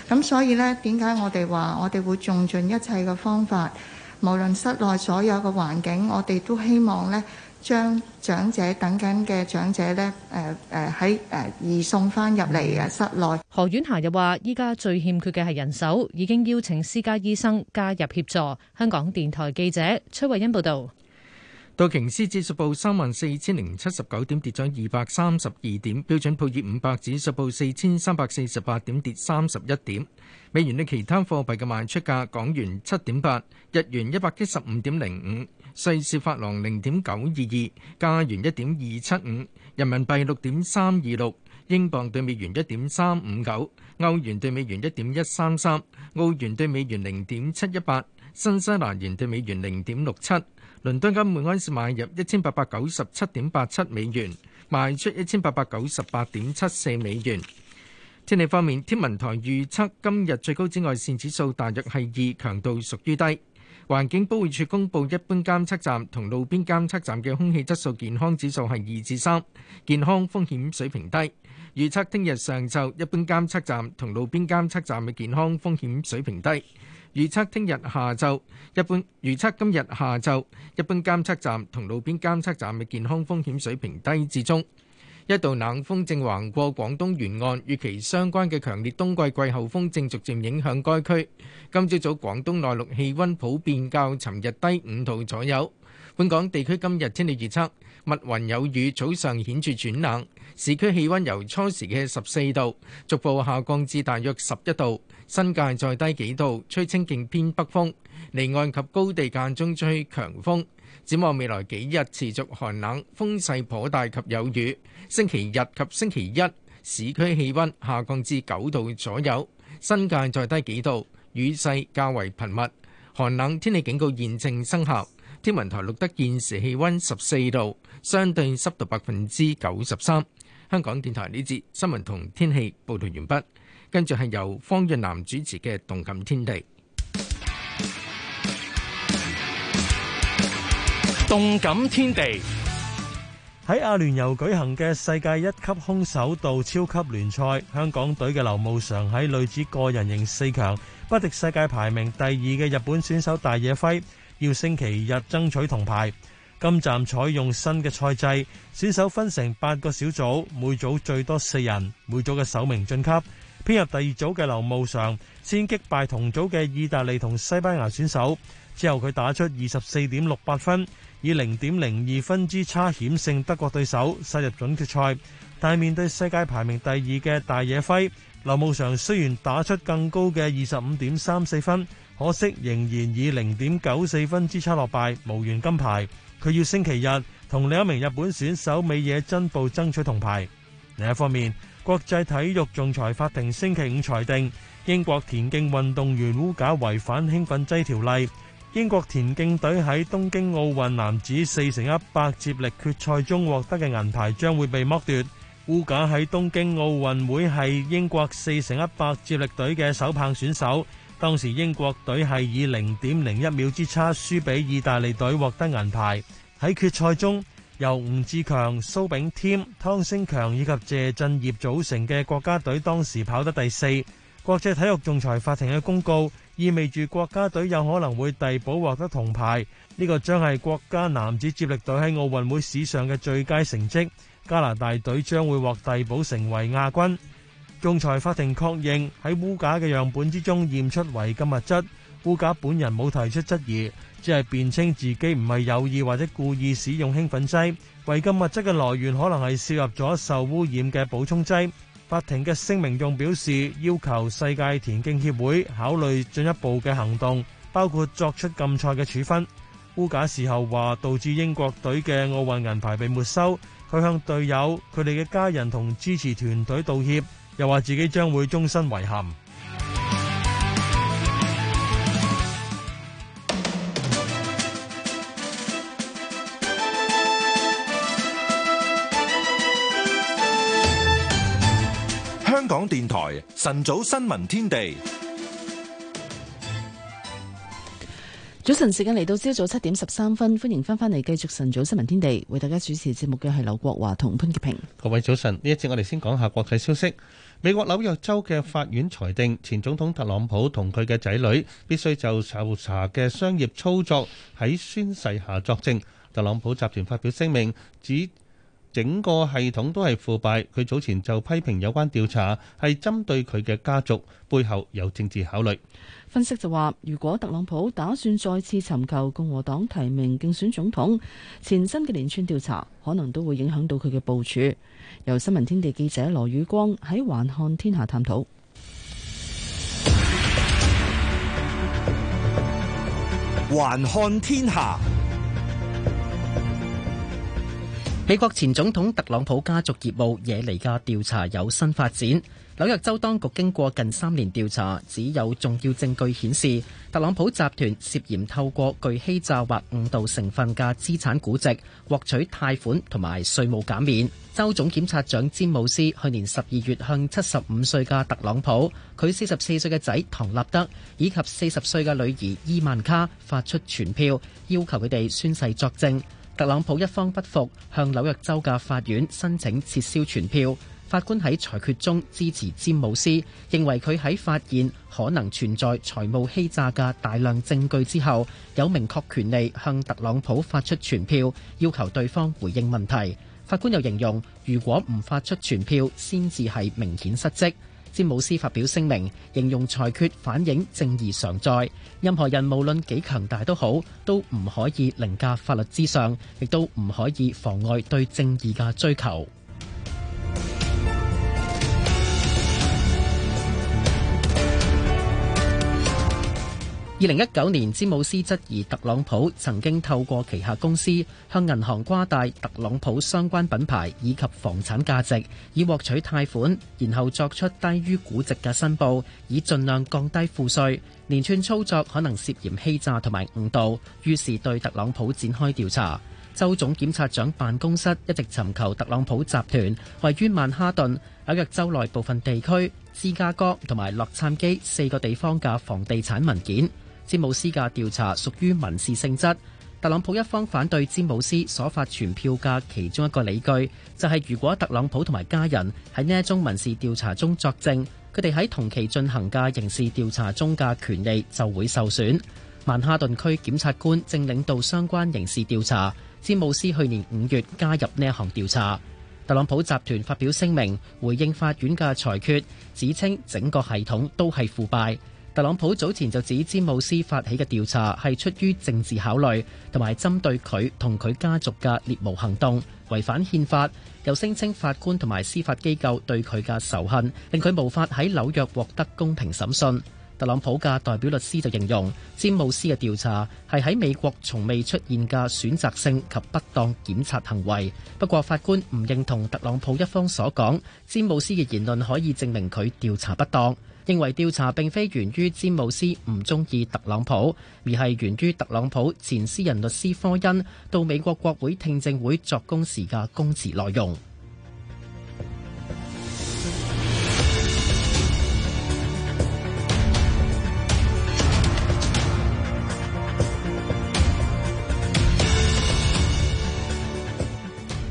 咁所以呢，點解我哋話我哋會用盡一切嘅方法，無論室內所有嘅環境，我哋都希望呢，將長者等緊嘅長者呢，誒誒喺誒移送翻入嚟嘅室內。何婉霞又話，依家最欠缺嘅係人手，已經邀請私家醫生加入協助。香港電台記者崔慧欣報道。道瓊斯指數報三萬四千零七十九點，跌咗二百三十二點。標準普爾五百指數報四千三百四十八點，跌三十一點。美元對其他貨幣嘅賣出價：港元七點八，日元一百一十五點零五，瑞士法郎零點九二二，加元一點二七五，人民幣六點三二六，英鎊對美元一點三五九，歐元對美元一點一三三，澳元對美元零點七一八，新西蘭元對美元零點六七。倫敦金每安士買入一千八百九十七點八七美元，賣出一千八百九十八點七四美元。天氣方面，天文台預測今日最高紫外綫指數大約係二，強度屬於低。環境保護署公布，一般監測站同路邊監測站嘅空氣質素健康指數係二至三，健康風險水平低。預測聽日上晝，一般監測站同路邊監測站嘅健康風險水平低。預測聽日下晝一般，預測今日下晝一般監測站同路邊監測站嘅健康風險水平低至中。一道冷風正橫過廣東沿岸，與其相關嘅強烈冬季季候風正逐漸影響該區。今朝早廣東內陸氣温普遍較尋日低五度左右。本港地區今日天氣預測。密雲有雨，早上顯著轉冷，市區氣溫由初時嘅十四度逐步下降至大約十一度，新界再低幾度，吹清勁偏北風，離岸及高地間中吹強風。展望未來幾日持續寒冷，風勢頗大及有雨。星期日及星期一，市區氣溫下降至九度左右，新界再低幾度，雨勢較為頻密，寒冷天氣警告現正生效。天文台錄得現時氣溫十四度，相對濕度百分之九十三。香港電台呢節新聞同天氣報道完畢，跟住係由方潤南主持嘅《動感天地》。《動感天地》喺阿聯酋舉行嘅世界一級空手道超級聯賽，香港隊嘅劉慕常喺女子個人型四強，不敵世界排名第二嘅日本選手大野輝，要星期日爭取銅牌。今站採用新嘅賽制，選手分成可惜仍然以零點九四分之差落敗，無緣金牌。佢要星期日同另一名日本選手美野真步爭取銅牌。另一方面，國際體育仲裁法庭星期五裁定，英國田徑運動員烏賈違反興奮劑條例。英國田徑隊喺東京奧運男子四乘一百接力決賽中獲得嘅銀牌將會被剝奪。烏賈喺東京奧運會係英國四乘一百接力隊嘅首棒選手。當時英國隊係以零點零一秒之差輸俾意大利隊，獲得銀牌。喺決賽中，由吳智強、蘇炳添、湯星強以及謝震業組成嘅國家隊，當時跑得第四。國際體育仲裁法庭嘅公告意味住國家隊有可能會遞補獲得銅牌。呢個將係國家男子接力隊喺奧運會史上嘅最佳成績。加拿大隊將會獲遞補成為亞軍。仲裁法庭確認喺烏假嘅樣本之中驗出違禁物質。烏假本人冇提出質疑，只係辯稱自己唔係有意或者故意使用興奮劑。違禁物質嘅來源可能係攝入咗受污染嘅補充劑。法庭嘅聲明仲表示，要求世界田徑協會考慮進一步嘅行動，包括作出禁賽嘅處分。烏假事後話，導致英國隊嘅奧運銀牌被沒收，佢向隊友、佢哋嘅家人同支持團隊道歉。又話自己將會終身遺憾。香港電台晨早新聞天地，早晨時間嚟到朝早七點十三分，歡迎翻返嚟繼續晨早新聞天地，為大家主持節目嘅係劉國華同潘潔平。各位早晨，呢一節我哋先講下國際消息。美國紐約州嘅法院裁定，前總統特朗普同佢嘅仔女必須就受查嘅商業操作喺宣誓下作證。特朗普集團發表聲明，指整個系統都係腐敗。佢早前就批評有關調查係針對佢嘅家族，背後有政治考慮。分析就話，如果特朗普打算再次尋求共和黨提名競選總統，前新嘅連串調查可能都會影響到佢嘅部署。由新聞天地記者羅宇光喺環看天下探討。環看天下，美國前總統特朗普家族業務惹嚟嘅調查有新發展。紐約州當局經過近三年調查，只有重要證據顯示特朗普集團涉嫌透過具欺詐或誤導成分嘅資產估值獲取貸款同埋稅務減免。州總檢察長詹姆斯去年十二月向七十五歲嘅特朗普、佢四十四歲嘅仔唐納德以及四十歲嘅女兒伊萬卡發出傳票，要求佢哋宣誓作證。特朗普一方不服，向紐約州嘅法院申請撤銷傳票。法官喺裁決中支持詹姆斯，認為佢喺發現可能存在財務欺詐嘅大量證據之後，有明確權利向特朗普發出傳票，要求對方回應問題。法官又形容，如果唔發出傳票，先至係明顯失職。詹姆斯發表聲明，形容裁決反映正義常在，任何人無論幾強大都好，都唔可以凌駕法律之上，亦都唔可以妨礙對正義嘅追求。二零一九年，詹姆斯質疑特朗普曾經透過旗下公司向銀行誇大特朗普相關品牌以及房產價值，以獲取貸款，然後作出低於估值嘅申報，以盡量降低賦稅。連串操作可能涉嫌欺詐同埋誤導，於是對特朗普展開調查。州總檢察長辦公室一直尋求特朗普集團位於曼哈頓、紐約州內部分地區、芝加哥同埋洛杉磯四個地方嘅房地產文件。詹姆斯嘅調查屬於民事性質，特朗普一方反對詹姆斯所發傳票嘅其中一個理據，就係如果特朗普同埋家人喺呢一宗民事調查中作證，佢哋喺同期進行嘅刑事調查中嘅權利就會受損。曼哈頓區檢察官正領導相關刑事調查，詹姆斯去年五月加入呢一項調查。特朗普集團發表聲明回應法院嘅裁決，指稱整個系統都係腐敗。特朗普早前就指詹姆斯發起嘅調查係出於政治考慮，同埋針對佢同佢家族嘅獵巫行動，違反憲法。又聲稱法官同埋司法機構對佢嘅仇恨令佢無法喺紐約獲得公平審訊。特朗普嘅代表律師就形容詹姆斯嘅調查係喺美國從未出現嘅選擇性及不當檢察行為。不過法官唔認同特朗普一方所講，詹姆斯嘅言論可以證明佢調查不當。認為調查並非源於詹姆斯唔中意特朗普，而係源於特朗普前私人律師科恩到美國國會聽證會作供時嘅供詞內容。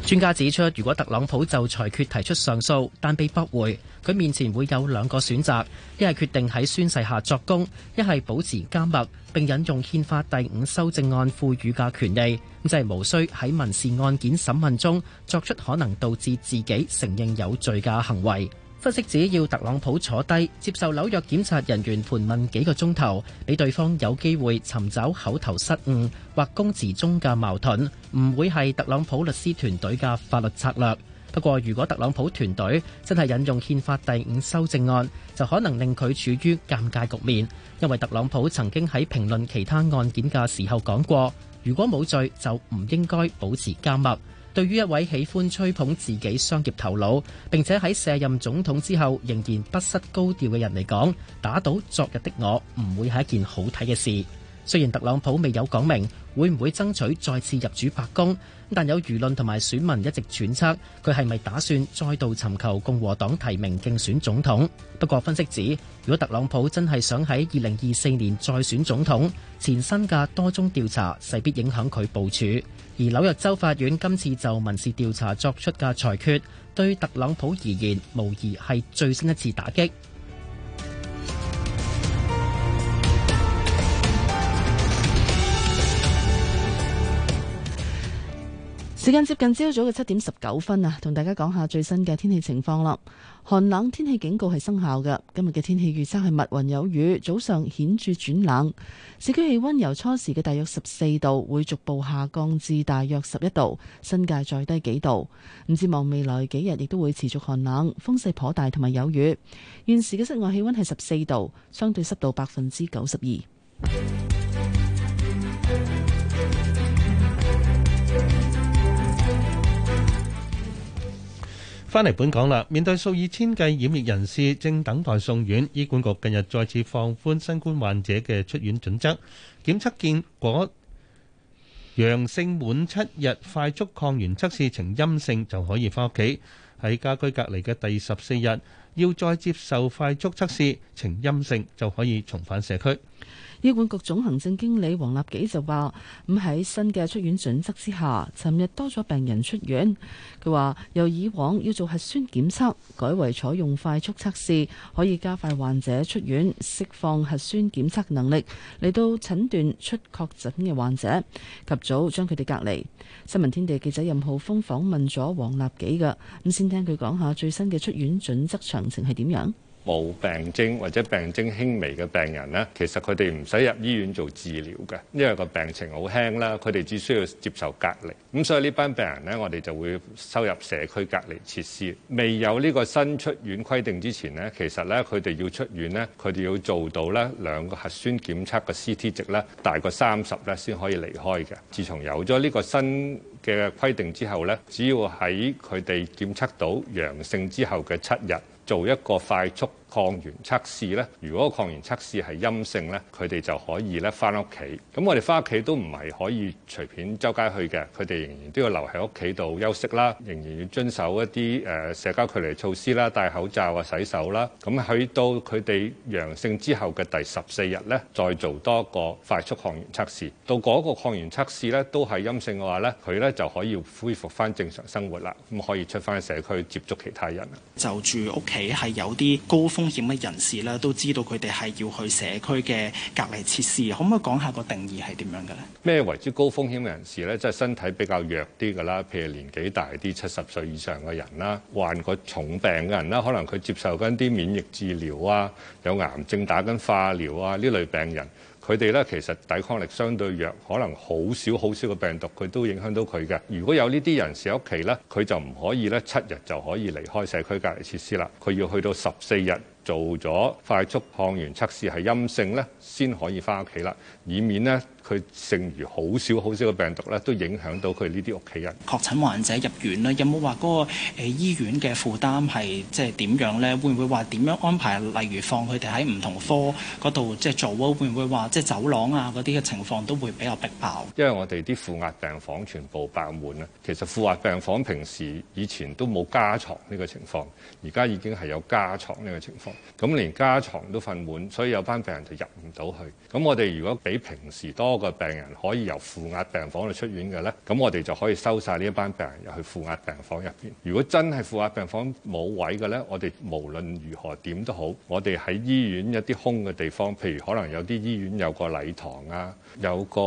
專家指出，如果特朗普就裁決提出上訴，但被駁回，佢面前會有兩個選擇：一係決定喺宣誓下作供，一係保持加密並引用憲法第五修正案賦予嘅權利，咁就係無需喺民事案件審問中作出可能導致自己承認有罪嘅行為。分析指，要特朗普坐低接受紐約檢察人員盤問，幾個鐘頭，俾對方有機會尋找口頭失誤或供詞中的矛盾，唔會係特朗普律師團隊的法律策略。不過，如果特朗普團隊真係引用憲法第五修正案，就可能令佢處於尷尬局面，因為特朗普曾經喺評論其他案件的時候講過，如果冇罪就唔應該保持緘默。對於一位喜歡吹捧自己商業頭腦，並且喺卸任總統之後仍然不失高調嘅人嚟講，打倒昨日的我唔會係一件好睇嘅事。雖然特朗普未有講明會唔會爭取再次入主白宮，但有輿論同埋選民一直揣測佢係咪打算再度尋求共和黨提名競選總統。不過分析指，如果特朗普真係想喺二零二四年再選總統，纏身嘅多宗調查勢必影響佢部署。而紐約州法院今次就民事調查作出嘅裁決，對於特朗普而言，無疑係最新一次打擊。時間接近朝早嘅七點十九分啊，同大家講下最新嘅天氣情況啦。寒冷天氣警告係生效嘅。今日嘅天氣預測係密雲有雨，早上顯著轉冷。市區氣溫由初時嘅大約十四度，會逐步下降至大約十一度，新界再低幾度。唔知望未來幾日亦都會持續寒冷，風勢頗大同埋有雨。現時嘅室外氣溫係十四度，相對濕度百分之九十二。返嚟本港啦，面對數以千計染疫人士正等待送院，醫管局近日再次放寬新冠患者嘅出院準則，檢測結果陽性滿七日，快速抗原測試呈陰性就可以翻屋企；喺家居隔離嘅第十四日，要再接受快速測試呈陰性就可以重返社區。醫管局總行政經理黃立己就話：咁喺新嘅出院準則之下，尋日多咗病人出院。佢話由以往要做核酸檢測，改為採用快速測試，可以加快患者出院，釋放核酸檢測能力嚟到診斷出確診嘅患者，及早將佢哋隔離。新聞天地記者任浩峰訪問咗黃立己噶，咁先聽佢講下最新嘅出院準則詳情係點樣。冇病徵或者病徵輕微嘅病人咧，其實佢哋唔使入醫院做治療嘅，因為個病情好輕啦。佢哋只需要接受隔離。咁所以呢班病人咧，我哋就會收入社區隔離設施。未有呢個新出院規定之前咧，其實咧佢哋要出院咧，佢哋要做到咧兩個核酸檢測嘅 CT 值咧大過三十咧先可以離開嘅。自從有咗呢個新嘅規定之後咧，只要喺佢哋檢測到陽性之後嘅七日。做一個快速。抗原測試咧，如果個抗原測試係陰性咧，佢哋就可以咧翻屋企。咁我哋翻屋企都唔係可以隨便周街去嘅，佢哋仍然都要留喺屋企度休息啦，仍然要遵守一啲誒社交距離措施啦，戴口罩啊、洗手啦。咁去到佢哋陽性之後嘅第十四日咧，再做多個快速抗原測試。到嗰個抗原測試咧都係陰性嘅話咧，佢咧就可以恢復翻正常生活啦，咁可以出翻去社區接觸其他人。就住屋企係有啲高峰風險嘅人士咧，都知道佢哋係要去社區嘅隔離設施，可唔可以講下個定義係點樣嘅咧？咩為之高風險嘅人士咧？即係身體比較弱啲噶啦，譬如年紀大啲、七十歲以上嘅人啦，患個重病嘅人啦，可能佢接受緊啲免疫治療啊，有癌症打緊化療啊呢類病人，佢哋咧其實抵抗力相對弱，可能好少好少個病毒佢都影響到佢嘅。如果有呢啲人士喺屋企咧，佢就唔可以咧七日就可以離開社區隔離設施啦，佢要去到十四日。做咗快速抗原測試係陰性咧，先可以翻屋企啦，以免咧。佢剩餘好少好少嘅病毒咧，都影響到佢呢啲屋企人。確診患者入院啦，有冇話嗰個誒醫院嘅負擔係即係點樣咧？會唔會話點樣安排？例如放佢哋喺唔同科嗰度即係做啊？會唔會話即係走廊啊嗰啲嘅情況都會比較逼爆？因為我哋啲負壓病房全部爆滿啊，其實負壓病房平時以前都冇加床呢個情況，而家已經係有加床呢個情況，咁連加床都瞓滿，所以有班病人就入唔到去。咁我哋如果比平時多。多個病人可以由負壓病房度出院嘅咧，咁我哋就可以收晒呢一班病人入去負壓病房入邊。如果真係負壓病房冇位嘅咧，我哋無論如何點都好，我哋喺醫院一啲空嘅地方，譬如可能有啲醫院有個禮堂啊，有個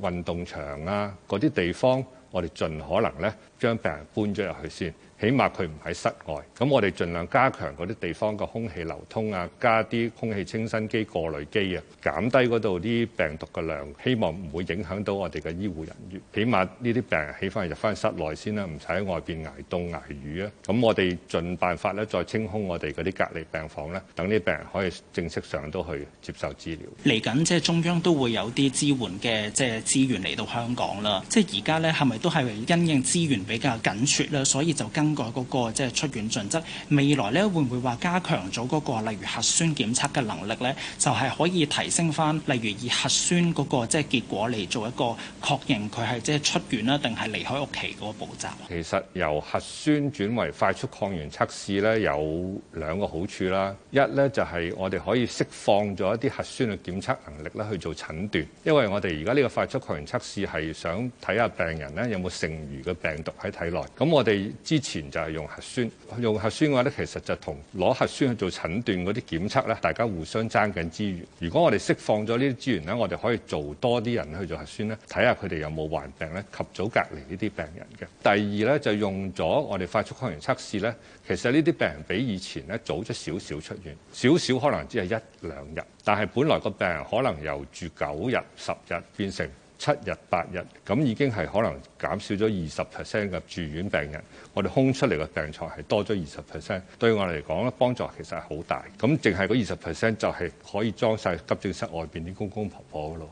運動場啊，嗰啲地方，我哋盡可能咧將病人搬咗入去先。起碼佢唔喺室外，咁我哋盡量加強嗰啲地方嘅空氣流通啊，加啲空氣清新機、過濾機啊，減低嗰度啲病毒嘅量，希望唔會影響到我哋嘅醫護人員。起碼呢啲病人起翻入翻室內先啦，唔使喺外邊挨凍挨雨啊。咁我哋盡辦法咧，再清空我哋嗰啲隔離病房咧，等啲病人可以正式上到去接受治療。嚟緊即係中央都會有啲支援嘅即係資源嚟到香港啦。即係而家咧，係咪都係因應資源比較緊缺啦，所以就更個嗰個即係出院準則未來咧會唔會話加強咗嗰個例如核酸檢測嘅能力咧？就係可以提升翻，例如以核酸嗰個即係結果嚟做一個確認，佢係即係出院啦，定係離開屋企嗰個步驟，其實由核酸轉為快速抗原測試咧，有兩個好處啦。一咧就係我哋可以釋放咗一啲核酸嘅檢測能力咧去做診斷，因為我哋而家呢個快速抗原測試係想睇下病人咧有冇剩餘嘅病毒喺體內，咁我哋之前就係用核酸，用核酸嘅話咧，其實就同攞核酸去做診斷嗰啲檢測咧，大家互相爭緊資源。如果我哋釋放咗呢啲資源咧，我哋可以做多啲人去做核酸咧，睇下佢哋有冇患病咧，及早隔離呢啲病人嘅。第二咧，就用咗我哋快速抗原測試咧，其實呢啲病人比以前咧早咗少少出院，少少可能只係一兩日，但係本來個病人可能由住九日十日變成七日八日咁，已經係可能減少咗二十 percent 嘅住院病人，我哋空出嚟嘅病床係多咗二十 percent，對我嚟講咧幫助其實係好大。咁淨係嗰二十 percent 就係、是、可以裝晒急症室外邊啲公公婆婆噶咯。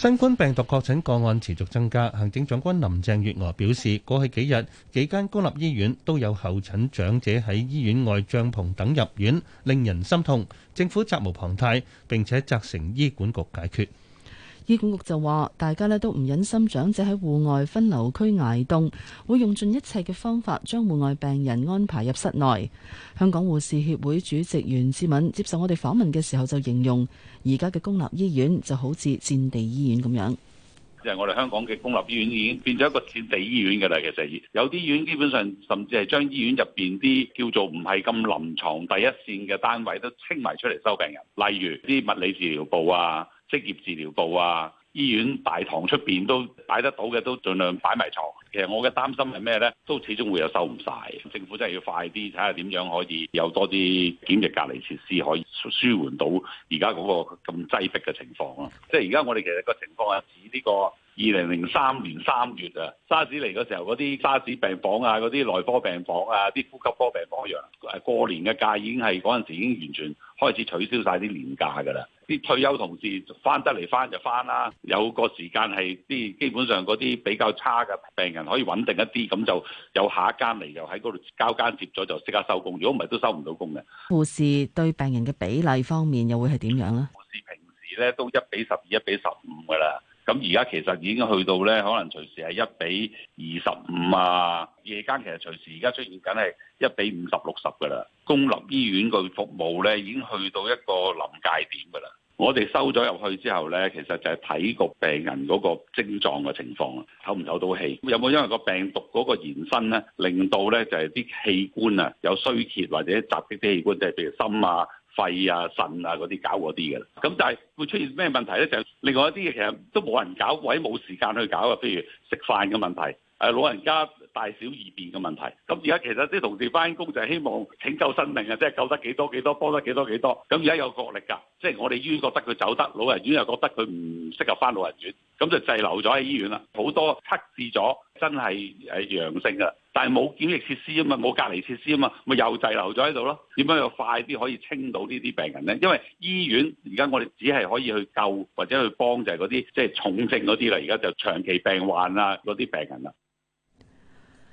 新冠病毒確診個案持續增加，行政長官林鄭月娥表示，過去幾日，幾間公立醫院都有候診長者喺醫院外帳篷等入院，令人心痛。政府責無旁貸，並且責成醫管局解決。醫管局就話，大家咧都唔忍心長者喺戶外分流區捱凍，會用盡一切嘅方法將戶外病人安排入室內。香港護士協會主席袁志敏接受我哋訪問嘅時候就形容，而家嘅公立醫院就好似戰地醫院咁樣。即係我哋香港嘅公立醫院已經變咗一個戰地醫院噶啦，其實有啲醫院基本上甚至係將醫院入邊啲叫做唔係咁臨床第一線嘅單位都清埋出嚟，收病人，例如啲物理治療部啊。職業治療部啊，醫院大堂出邊都擺得到嘅，都盡量擺埋床。其實我嘅擔心係咩呢？都始終會有收唔晒。政府真係要快啲睇下點樣可以有多啲檢疫隔離設施，可以舒緩到而家嗰個咁擠迫嘅情況咯。即係而家我哋其實個情況啊，指呢個二零零三年三月啊，沙士嚟嗰時候，嗰啲沙士病房啊，嗰啲內科病房啊，啲呼吸科病房一樣。誒過年嘅假已經係嗰陣時已經完全開始取消晒啲年假㗎啦。啲退休同事返得嚟返就返啦，有個時間係啲基本上嗰啲比較差嘅病人可以穩定一啲，咁就有下一間嚟又喺嗰度交間接咗就即刻收工，如果唔係都收唔到工嘅。護士對病人嘅比例方面又會係點樣咧？護士平時咧都一比十二、一比十五嘅啦，咁而家其實已經去到咧，可能隨時係一比二十五啊，夜間其實隨時而家出現緊係一比五十六十嘅啦。公立醫院個服務咧已經去到一個臨界點嘅啦。我哋收咗入去之後咧，其實就係睇個病人嗰個症狀嘅情況啊，透唔透到氣，有冇因為個病毒嗰個延伸咧，令到咧就係啲器官啊有衰竭或者襲擊啲器官，即係譬如心啊、肺啊、腎啊嗰啲搞嗰啲嘅。咁但係會出現咩問題咧？就係另外一啲嘢，其實都冇人搞，或者冇時間去搞啊。譬如食飯嘅問題，誒老人家。大小二便嘅問題，咁而家其實啲同事翻工就係希望拯救生命啊，即係救得幾多幾多，幫得幾多幾多。咁而家有國力㗎，即係我哋醫院覺得佢走得，老人院又覺得佢唔適合翻老人院，咁就滯留咗喺醫院啦。好多測試咗真係係陽性噶，但係冇檢疫設施啊嘛，冇隔離設施啊嘛，咪又滯留咗喺度咯。點樣又快啲可以清到呢啲病人咧？因為醫院而家我哋只係可以去救或者去幫就，就係嗰啲即係重症嗰啲啦。而家就長期病患啊，嗰啲病人啦。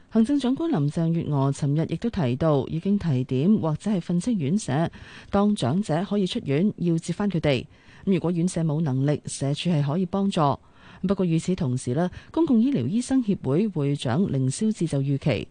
行政長官林鄭月娥尋日亦都提到，已經提點或者係訓斥院舍，當長者可以出院，要接翻佢哋。咁如果院舍冇能力，社署係可以幫助。不過與此同時咧，公共醫療醫生協會會長凌霄志就預期，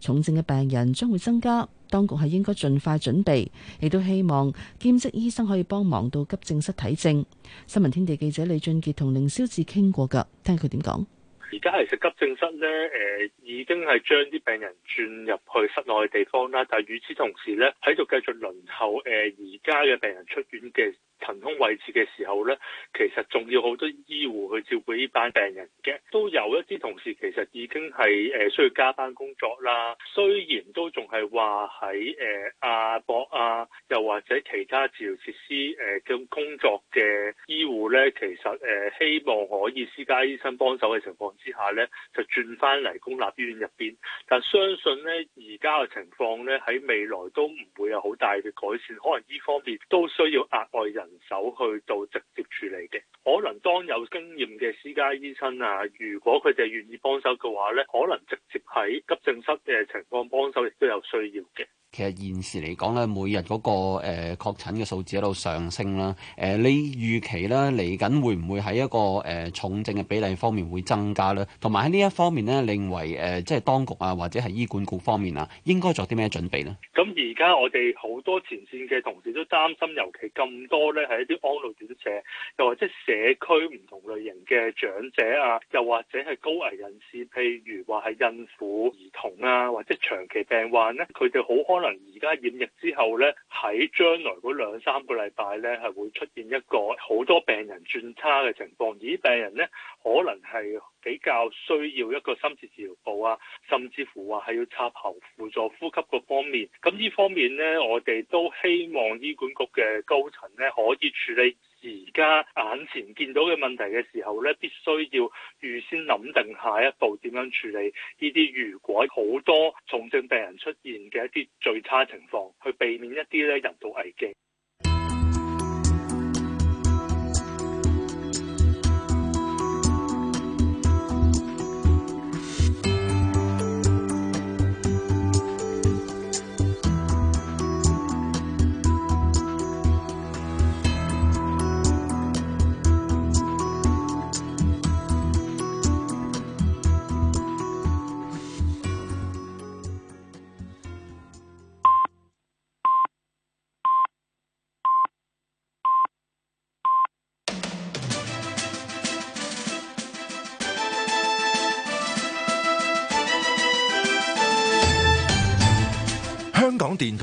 重症嘅病人將會增加，當局係應該盡快準備。亦都希望兼職醫生可以幫忙到急症室睇症。新聞天地記者李俊傑同凌霄志傾過㗎，聽佢點講。而家其實急症室咧，誒、呃、已經係將啲病人轉入去室內嘅地方啦。但係與此同時咧，喺度繼續輪候誒而家嘅病人出院嘅。騰空位置嘅時候咧，其實仲要好多醫護去照顧呢班病人嘅，都有一啲同事其實已經係誒、呃、需要加班工作啦。雖然都仲係話喺誒阿博啊，又或者其他治療設施誒嘅、呃、工作嘅醫護咧，其實誒、呃、希望可以私家醫生幫手嘅情況之下咧，就轉翻嚟公立醫院入邊。但相信咧而家嘅情況咧，喺未來都唔會有好大嘅改善，可能呢方面都需要額外人手去做直接處理嘅，可能當有經驗嘅私家醫生啊，如果佢哋願意幫手嘅話呢，可能直接喺急症室嘅情況幫手，亦都有需要嘅。其實現時嚟講咧，每日嗰、那個誒、呃、確診嘅數字喺度上升啦。誒、呃，你預期咧嚟緊會唔會喺一個誒、呃、重症嘅比例方面會增加咧？同埋喺呢一方面咧，你認為誒即係當局啊，或者係醫管局方面啊，應該做啲咩準備呢？咁而家我哋好多前線嘅同事都擔心，尤其咁多咧係一啲安老院舍，又或者社區唔同類型嘅長者啊，又或者係高危人士，譬如話係孕婦、兒童啊，或者長期病患咧，佢哋好可能而家染疫之後咧，喺將來嗰兩三個禮拜咧，係會出現一個好多病人轉差嘅情況，而啲病人咧可能係比較需要一個深切治療部啊，甚至乎話係要插喉輔助呼吸嗰方面。咁呢方面咧，我哋都希望醫管局嘅高層咧可以處理。而家眼前見到嘅問題嘅時候咧，必須要預先諗定下一步點樣處理呢啲。如果好多重症病人出現嘅一啲最差情況，去避免一啲咧人道危機。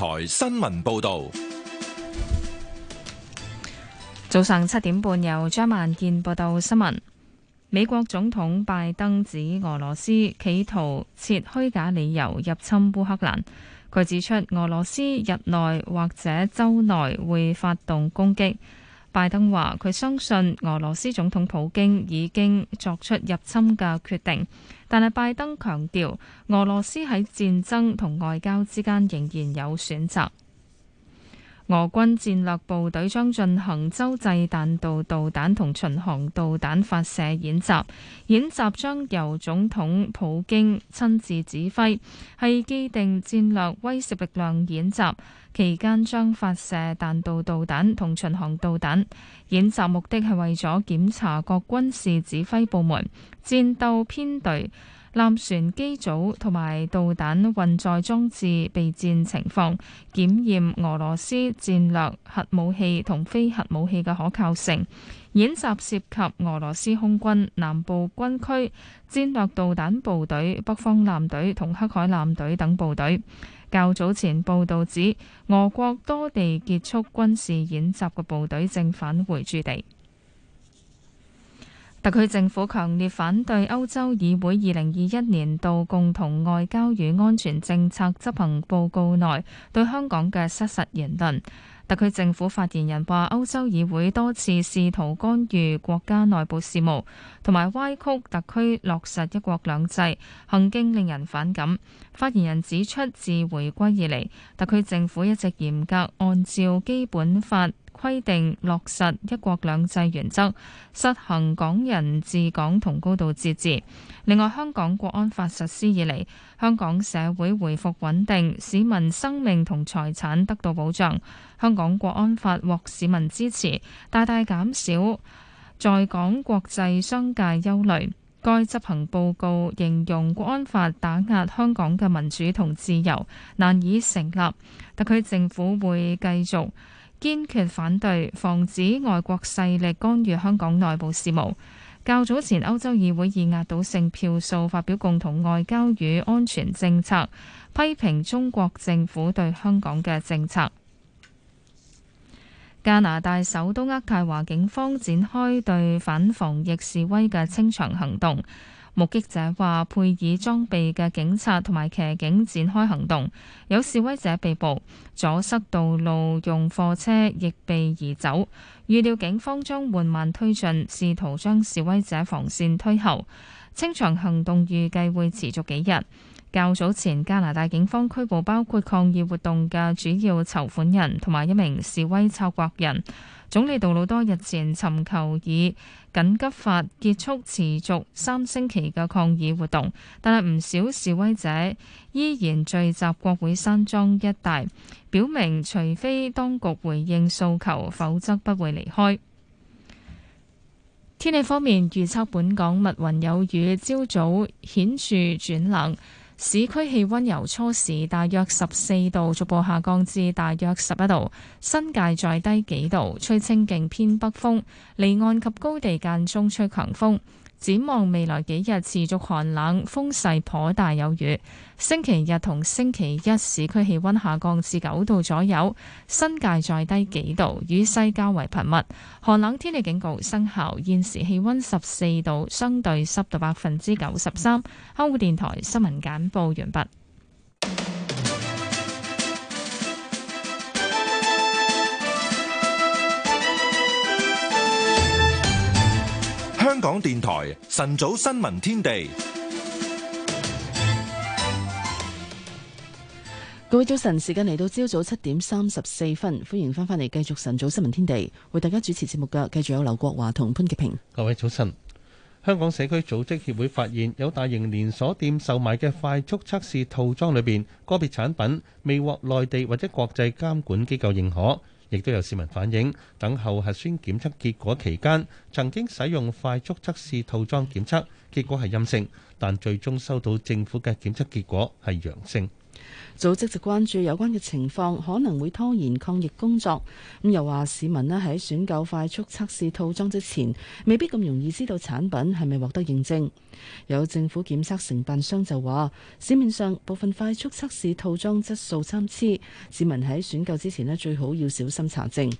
台新聞報道，早上七點半由張萬健報道新聞。美國總統拜登指俄羅斯企圖設虛假理由入侵烏克蘭，佢指出俄羅斯日內或者周內會發動攻擊。拜登話佢相信俄羅斯總統普京已經作出入侵嘅決定，但係拜登強調俄羅斯喺戰爭同外交之間仍然有選擇。俄軍戰略部隊將進行洲際彈道導彈同巡航導彈發射演習，演習將由總統普京親自指揮，係既定戰略威懾力量演習。期間將發射彈道導彈同巡航導彈。演習目的係為咗檢查各軍事指揮部門、戰鬥編隊、艦船機組同埋導彈運載裝置備戰情況，檢驗俄羅斯戰略核武器同非核武器嘅可靠性。演習涉及俄羅斯空軍南部軍區戰略導彈部隊、北方艦隊同黑海艦隊等部隊。較早前報導指，俄國多地結束軍事演習嘅部隊正返回駐地。特區政府強烈反對歐洲議會二零二一年度共同外交與安全政策執行報告內對香港嘅失實言論。特區政府發言人話：歐洲議會多次試圖干預國家內部事務，同埋歪曲特區落實一國兩制，行徑令人反感。發言人指出，自回歸以嚟，特區政府一直嚴格按照基本法。規定落實一國兩制原則，實行港人治港同高度自治。另外，香港國安法實施以來，香港社會回復穩定，市民生命同財產得到保障。香港國安法獲市民支持，大大減少在港國際商界憂慮。該執行報告形容國安法打壓香港嘅民主同自由，難以成立。特區政府會繼續。堅決反對，防止外國勢力干預香港內部事務。較早前，歐洲議會以壓倒性票數發表共同外交與安全政策，批評中國政府對香港嘅政策。加拿大首都渥太華警方展開對反防疫示威嘅清場行動。目擊者話：配以裝備嘅警察同埋騎警展開行動，有示威者被捕，阻塞道路用貨車亦被移走。預料警方將緩慢推進，試圖將示威者防線推後。清場行動預計會持續幾日。較早前，加拿大警方拘捕包括抗議活動嘅主要籌款人同埋一名示威策劃人。總理杜魯多日前尋求以緊急法結束持續三星期嘅抗議活動，但係唔少示威者依然聚集國會山莊一帶，表明除非當局回應訴求，否則不會離開。天氣方面，預測本港密雲有雨，朝早顯著轉冷。市區氣溫由初時大約十四度逐步下降至大約十一度，新界再低幾度，吹清勁偏北風，離岸及高地間中吹強風。展望未來幾日持續寒冷，風勢頗大有雨。星期日同星期一市區氣溫下降至九度左右，新界再低幾度，雨勢較為頻密。寒冷天氣警告生效。現時氣溫十四度，相對濕度百分之九十三。香港電台新聞簡報完畢。香港電台晨早新聞天地，各位早晨，時間嚟到朝早七點三十四分，歡迎翻返嚟繼續晨早新聞天地，為大家主持節目嘅，繼續有劉國華同潘潔平。各位早晨，香港社區組織協會發現，有大型連鎖店售賣嘅快速測試套裝裏邊，個別產品未獲內地或者國際監管機構認可。亦都有市民反映，等候核酸檢測結果期間，曾經使用快速測試套裝檢測，結果係陰性，但最終收到政府嘅檢測結果係陽性。組織就關注有關嘅情況，可能會拖延抗疫工作。咁又話市民咧，喺選購快速測試套裝之前，未必咁容易知道產品係咪獲得認證。有政府檢測承辦商就話，市面上部分快速測試套裝質素參差，市民喺選購之前咧，最好要小心查證。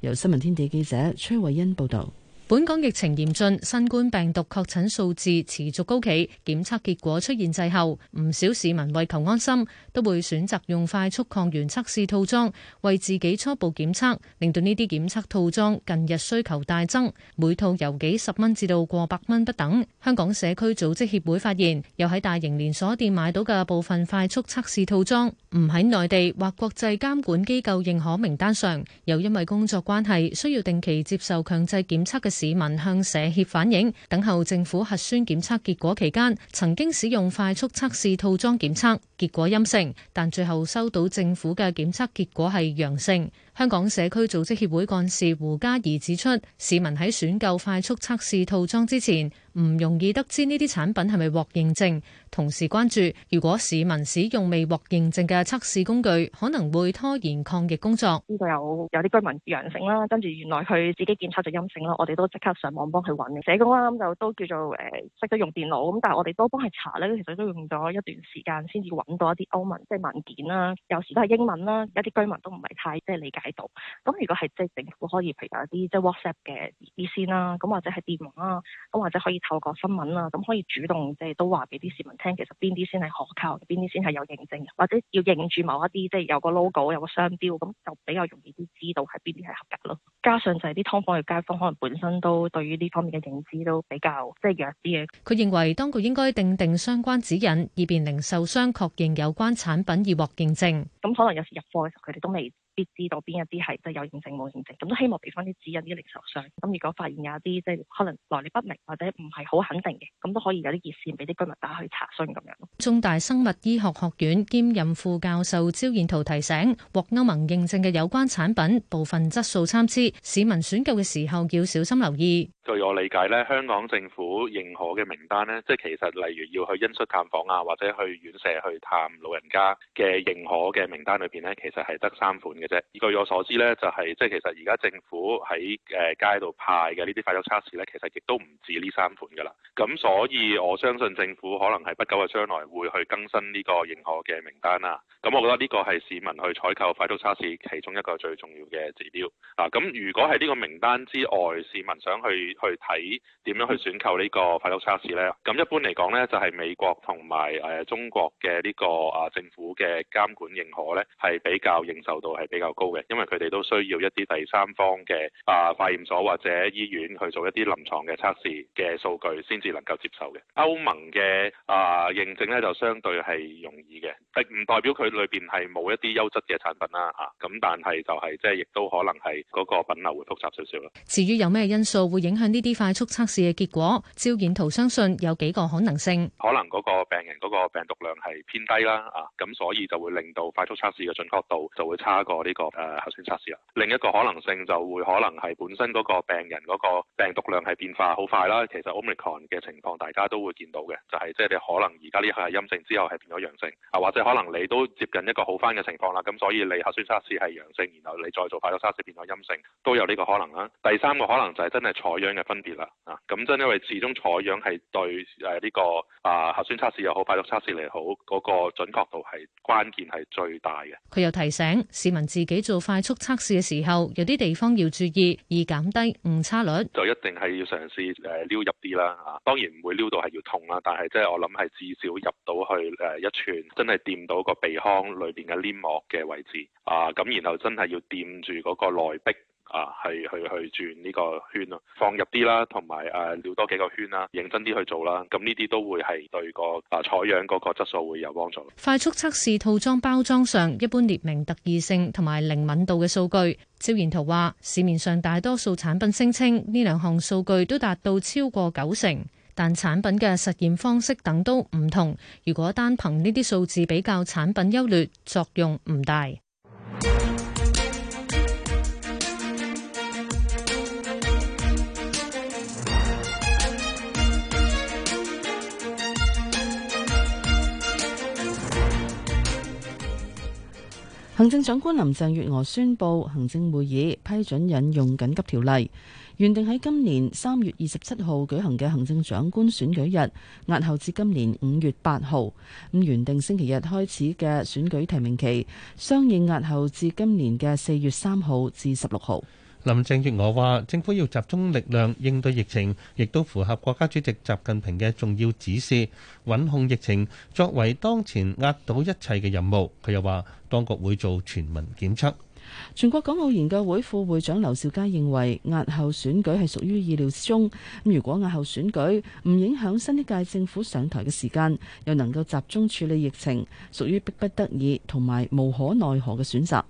由新聞天地記者崔慧欣報道。本港疫情嚴峻，新冠病毒確診數字持續高企，檢測結果出現滯後，唔少市民為求安心，都會選擇用快速抗原測試套裝為自己初步檢測，令到呢啲檢測套裝近日需求大增，每套由幾十蚊至到過百蚊不等。香港社區組織協會發現，又喺大型連鎖店買到嘅部分快速測試套裝，唔喺內地或國際監管機構認可名單上，又因為工作關係需要定期接受強制檢測嘅。市民向社協反映，等候政府核酸檢測結果期間，曾經使用快速測試套裝檢測，結果陰性，但最後收到政府嘅檢測結果係陽性。香港社區組織協會幹事胡嘉怡指出，市民喺選購快速測試套裝之前，唔容易得知呢啲產品係咪獲認證。同時關注，如果市民使用未獲認證嘅測試工具，可能會拖延抗疫工作。呢度有有啲居民陽性啦，跟住原來佢自己檢測就陰性啦，我哋都即刻上網幫佢揾嘅社工啦。咁就都叫做誒識、呃、得用電腦，咁但係我哋都幫佢查咧，其實都用咗一段時間先至揾到一啲歐文即係文件啦，有時都係英文啦，一啲居民都唔係太即係理解。喺度咁，如果係即係政府可以，譬如有一啲即係 WhatsApp 嘅啲先啦，咁或者係電話啊，咁或者可以透過新聞啊，咁可以主動即係都話俾啲市民聽，其實邊啲先係可靠，邊啲先係有認證，或者要認住某一啲即係有個 logo、有個商標，咁就比較容易啲知道係邊啲係合格咯。加上就係啲劏房嘅街坊，可能本身都對於呢方面嘅認知都比較即係弱啲嘅。佢認為當局應該訂定相關指引，以便零售商確認有關產品已獲認證。咁可能有時入貨嘅時候，佢哋都未 [MUSIC] 必知道邊一啲係即係有認證冇認證，咁都希望俾翻啲指引啲零售商。咁如果發現有一啲即係可能來歷不明或者唔係好肯定嘅，咁都可以有啲熱線俾啲居民打去查詢咁樣。中大生物醫學學院兼任副教授招彥燾提醒，獲歐盟認證嘅有關產品部分質素參差，市民選購嘅時候要小心留意。據我理解咧，香港政府認可嘅名單咧，即係其實例如要去恩恤探訪啊，或者去院舍去探老人家嘅認可嘅名單裏邊咧，其實係得三款嘅啫。而據我所知咧，就係、係、即係其實而家政府喺誒街度派嘅呢啲快速測試咧，其實亦都唔止呢三款噶啦。咁所以我相信政府可能係不久嘅將來會去更新呢個認可嘅名單啦。咁我覺得呢個係市民去採購快速測試其中一個最重要嘅指標。嗱，咁如果係呢個名單之外，市民想去。去睇點樣去選購呢個快篩測試咧？咁一般嚟講咧，就係美國同埋誒中國嘅呢個啊政府嘅監管認可咧，係比較認受度係比較高嘅，因為佢哋都需要一啲第三方嘅啊化驗所或者醫院去做一啲臨床嘅測試嘅數據先至能夠接受嘅。歐盟嘅啊認證咧就相對係容易嘅，並唔代表佢裏邊係冇一啲優質嘅產品啦。吓，咁但係就係即係亦都可能係嗰個品流會複雜少少啦。至於有咩因素會影響。呢啲快速測試嘅結果，照建圖相信有幾個可能性。可能嗰個病人嗰個病毒量係偏低啦，啊，咁所以就會令到快速測試嘅準確度就會差過呢個，誒，呃，核酸測試啦。另一個可能性就會可能係本身嗰個病人嗰個病毒量係變化好快啦。其實 Omicron 嘅情況大家都會見到嘅，就係即係你可能而家呢個係陰性之後係變咗陽性，啊，或者可能你都接近一個好返嘅情況啦，咁所以你核酸測試係陽性，然後你再做快速測試變咗陰性，都有呢個可能啦。第三個可能就係真係採樣嘅分別啦，啊，咁真係因為始終採樣係對誒，呢個啊核酸測試又好，快速測試嚟好，嗰個準確度係關鍵係最大嘅。佢又提醒市民自己做快速測試嘅時候，有啲地方要注意，以減低誤差率。就一定係要嘗試誒撩入啲啦，啊，當然唔會撩到係要痛啦，但係即係我諗係至少入到去誒一寸，真係掂到個鼻腔裏邊嘅黏膜嘅位置，啊，咁然後真係要掂住嗰個內壁。啊，係去去轉呢個圈咯，放入啲啦，同埋誒，繞、啊、多幾個圈啦，認真啲去做啦，咁呢啲都會係對個啊採樣嗰個質素會有幫助。 [NOISE] [NOISE] 快速測試套裝包裝上一般列明特異性同埋靈敏度嘅數據。趙賢圖話：市面上大多數產品聲稱呢兩項數據都達到超過九成，但產品嘅實驗方式等都唔同。如果單憑呢啲數字比較產品優劣，作用唔大。行政長官林鄭月娥宣布，行政會議批准引用緊急條例，原定喺今年三月二十七號舉行嘅行政長官選舉日，押後至今年五月八號。咁原定星期日開始嘅選舉提名期，相應押後至今年嘅四月三號至十六號。林鄭月娥話：政府要集中力量應對疫情，亦都符合國家主席習近平嘅重要指示，穩控疫情作為當前壓倒一切嘅任務。佢又話：當局會做全民檢測。全國港澳研究會副會長劉兆佳認為，押後選舉係屬於意料之中。咁如果押後選舉唔影響新一屆政府上台嘅時間，又能夠集中處理疫情，屬於迫不得已同埋無可奈何嘅選擇。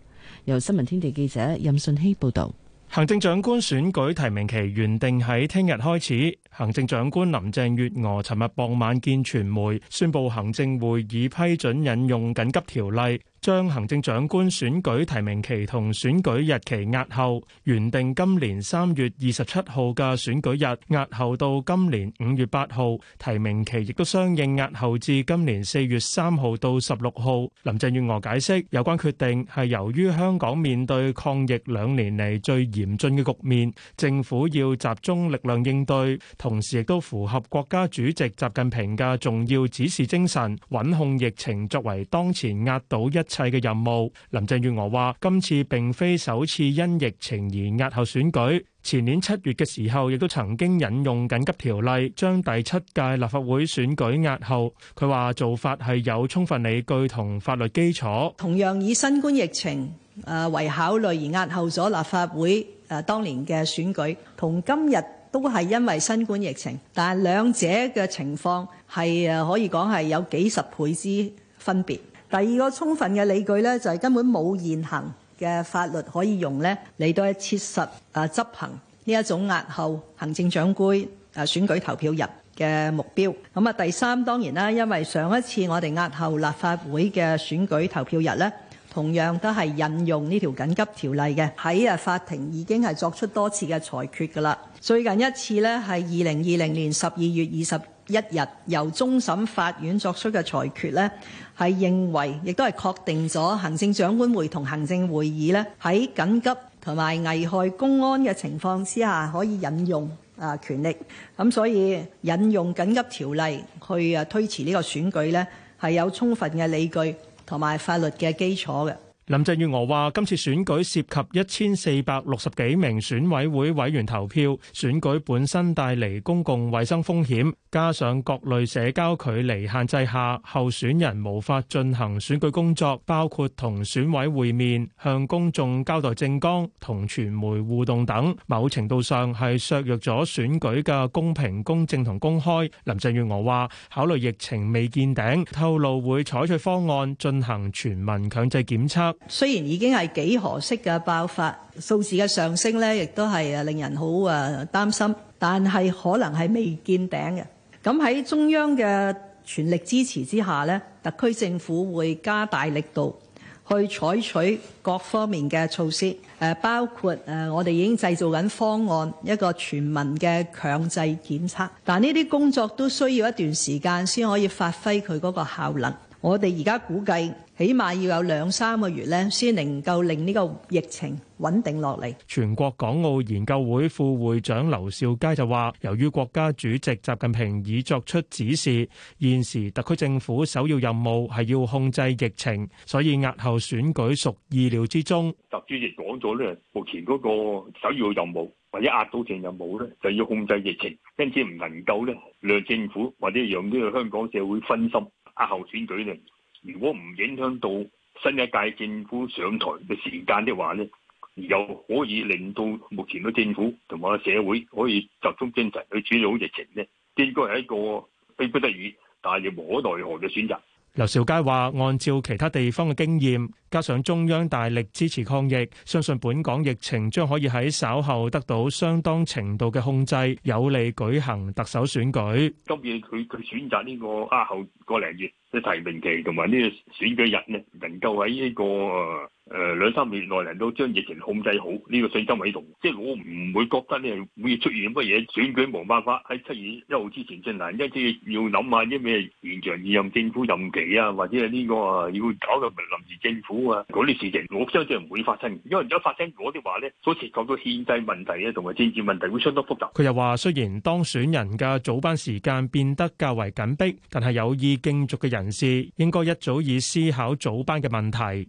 由新聞天地記者任信希報導。行政長官選舉提名期原定喺聽日開始。行政長官林鄭月娥尋日傍晚見傳媒，宣布行政會議批准引用緊急條例，將行政長官選舉提名期同選舉日期押後，原定今年三月二十七號嘅選舉日押後到今年五月八號，提名期亦都相應押後至今年四月三號到十六號。林鄭月娥解釋，有關決定係由於香港面對抗疫兩年嚟最嚴峻嘅局面，政府要集中力量應對。同時亦都符合國家主席習近平嘅重要指示精神，穩控疫情作為當前壓倒一切嘅任務。林鄭月娥話：今次並非首次因疫情而押後選舉，前年七月嘅時候亦都曾經引用緊急條例，將第七屆立法會選舉押後。佢話做法係有充分理據同法律基礎，同樣以新冠疫情誒為考慮而押後咗立法會誒當年嘅選舉，同今日，都係因為新冠疫情，但係兩者嘅情況係誒可以講係有幾十倍之分別。第二個充分嘅理據咧，就係、是、根本冇現行嘅法律可以用咧嚟到切實誒、啊、執行呢一種押後行政長官誒選舉投票日嘅目標。咁、嗯、啊，第三當然啦，因為上一次我哋押後立法會嘅選舉投票日咧。同樣都係引用呢條緊急條例嘅，喺啊法庭已經係作出多次嘅裁決噶啦。最近一次呢係二零二零年十二月二十一日由終審法院作出嘅裁決呢，係認為亦都係確定咗行政長官會同行政會議呢，喺緊急同埋危害公安嘅情況之下可以引用啊權力。咁所以引用緊急條例去啊推遲呢個選舉呢，係有充分嘅理據。同埋法律嘅基礎嘅。林鄭月娥話：今次選舉涉及一千四百六十幾名選委會委員投票，選舉本身帶嚟公共衛生風險，加上各類社交距離限制下，候選人無法進行選舉工作，包括同選委會面向公眾交代政綱、同傳媒互動等，某程度上係削弱咗選舉嘅公平、公正同公開。林鄭月娥話：考慮疫情未見頂，透露會採取方案進行全民強制檢測。雖然已經係幾何式嘅爆發，數字嘅上升咧，亦都係啊令人好啊擔心。但係可能係未見頂嘅。咁喺中央嘅全力支持之下咧，特區政府會加大力度去採取各方面嘅措施。誒，包括誒，我哋已經製造緊方案，一個全民嘅強制檢測。但呢啲工作都需要一段時間先可以發揮佢嗰個效能。我哋而家估計。起碼要有兩三個月咧，先能夠令呢個疫情穩定落嚟。全國港澳研究會副會長劉兆佳就話，由於國家主席習近平已作出指示，現時特區政府首要任務係要控制疫情，所以押後選舉屬意料之中。習主席講咗咧，目前嗰個首要任務，或者押到前任務咧，就要控制疫情，因此唔能夠咧，讓政府或者讓呢個香港社會分心押後選舉咧。如果唔影響到新一屆政府上台嘅時間的話呢，又可以令到目前嘅政府同埋社會可以集中精神去處理好疫情呢，應該係一個迫不得已，但係又無可奈何嘅選擇。劉兆佳話，按照其他地方嘅經驗，加上中央大力支持抗疫，相信本港疫情將可以喺稍後得到相當程度嘅控制，有利舉行特首選舉。今夜佢佢選擇呢、這個啊後個零月嘅提名期同埋呢個選舉日咧，能夠喺呢個。誒，兩三個月內嚟到將疫情控制好，呢個信心喺度，即係我唔會覺得咧會出現乜嘢選舉冇辦法喺七月一號之前進行，即係要諗下啲咩現象，現任政府任期啊，或者係呢個啊要搞嘅臨時政府啊嗰啲事情，我相信唔會發生。因為而家發生嗰啲話呢，好似講到憲制問題咧，同埋政治問題會相當複雜。佢又話，雖然當選人嘅早班時間變得較為緊迫，但係有意競逐嘅人士應該一早已思考早班嘅問題。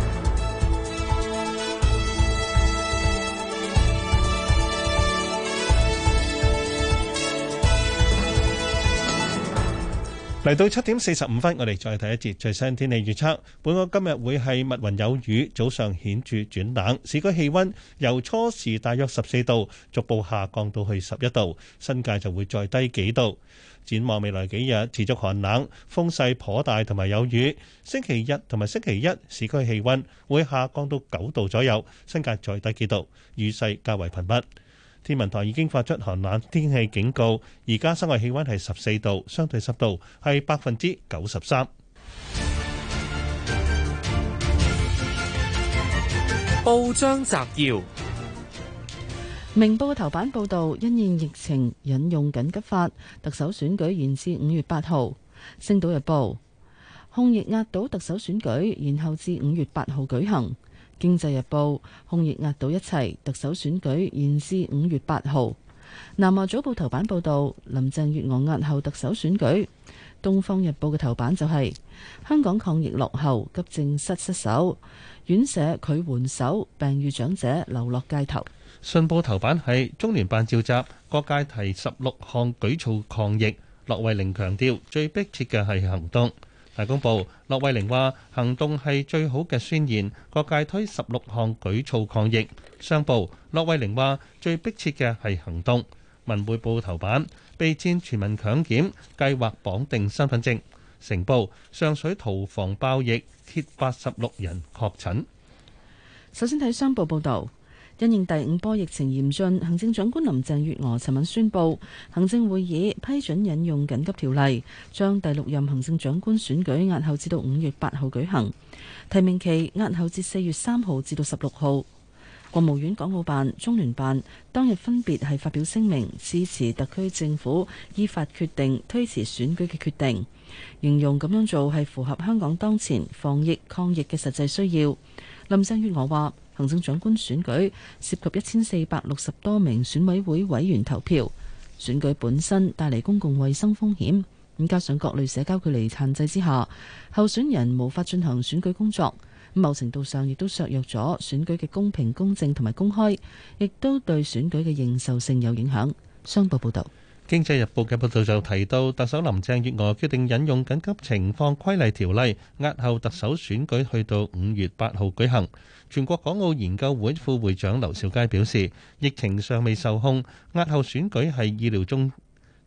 嚟到七點四十五分，我哋再睇一節最新天氣預測。本港今日會係密雲有雨，早上顯著轉冷，市區氣溫由初時大約十四度，逐步下降到去十一度，新界就會再低幾度。展望未來幾日持續寒冷，風勢頗大，同埋有雨。星期日同埋星期一，市區氣溫會下降到九度左右，新界再低幾度，雨勢較為頻密。天文台已經發出寒冷天氣警告而家室外氣温係十四度，相對濕度係百分之九十三。報章摘要：明報嘅頭版報導，因應疫情引用緊急法，特首選舉延至五月八號。星島日報：控疫壓倒特首選舉，延後至五月八號舉行。經濟日報，控疫壓倒一切，特首選舉現至五月八號。南華早報頭版報道，林鄭月娥押後特首選舉。東方日報嘅頭版就係、是、香港抗疫落後，急症室失，失守，院舍拒援手，病愈長者流落街頭。信報頭版係中聯辦召集各界提十六項舉措抗疫，駱惠寧強調最迫切嘅係行動。大公報：駱惠寧話行動係最好嘅宣言，各界推十六項舉措抗疫。商報：駱惠寧話最迫切嘅係行動。文匯報頭版：備戰全民強檢，計劃綁定身份證。成報：上水屠房爆疫，揭發十六人確診。首先睇商報報道。因應第五波疫情嚴峻，行政長官林鄭月娥尋晚宣布，行政會議批准引用緊急條例，將第六任行政長官選舉押後至到五月八號舉行，提名期押後至四月三號至到十六號。國務院港澳辦、中聯辦當日分別係發表聲明，支持特區政府依法決定推遲選舉嘅決定，形容咁樣做係符合香港當前防疫抗疫嘅實際需要。林鄭月娥話。.行政長官選舉涉及一千四百六十多名選委會委員投票，選舉本身帶嚟公共衛生風險，咁加上各類社交距離限制之下，候選人無法進行選舉工作，咁某程度上亦都削弱咗選舉嘅公平、公正同埋公開，亦都對選舉嘅認受性有影響。商報報道。經濟日報嘅報道就提到，特首林鄭月娥決定引用緊急情況規例條例，押後特首選舉去到五月八號舉行。全國港澳研究會副會長劉兆佳表示，疫情尚未受控，押後選舉係意料中。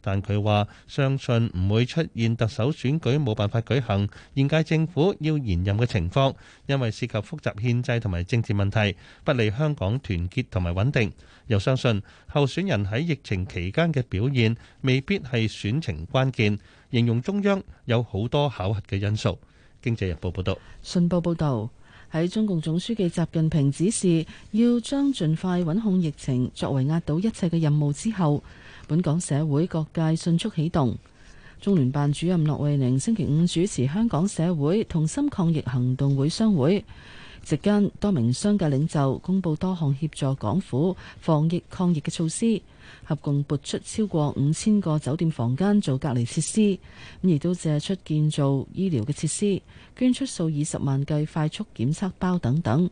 但佢話相信唔會出現特首選舉冇辦法舉行、現屆政府要延任嘅情況，因為涉及複雜憲制同埋政治問題，不利香港團結同埋穩定。又相信候選人喺疫情期間嘅表現未必係選情關鍵，形容中央有好多考核嘅因素。經濟日報報道，信報報道喺中共總書記習近平指示要將盡快穩控疫情作為壓倒一切嘅任務之後。本港社會各界迅速起動。中聯辦主任駱惠寧星期五主持香港社會同心抗疫行動會商會。席間多名商界領袖公布多項協助港府防疫抗疫嘅措施，合共撥出超過五千個酒店房間做隔離設施，咁亦都借出建造醫療嘅設施，捐出數以十萬計快速檢測包等等。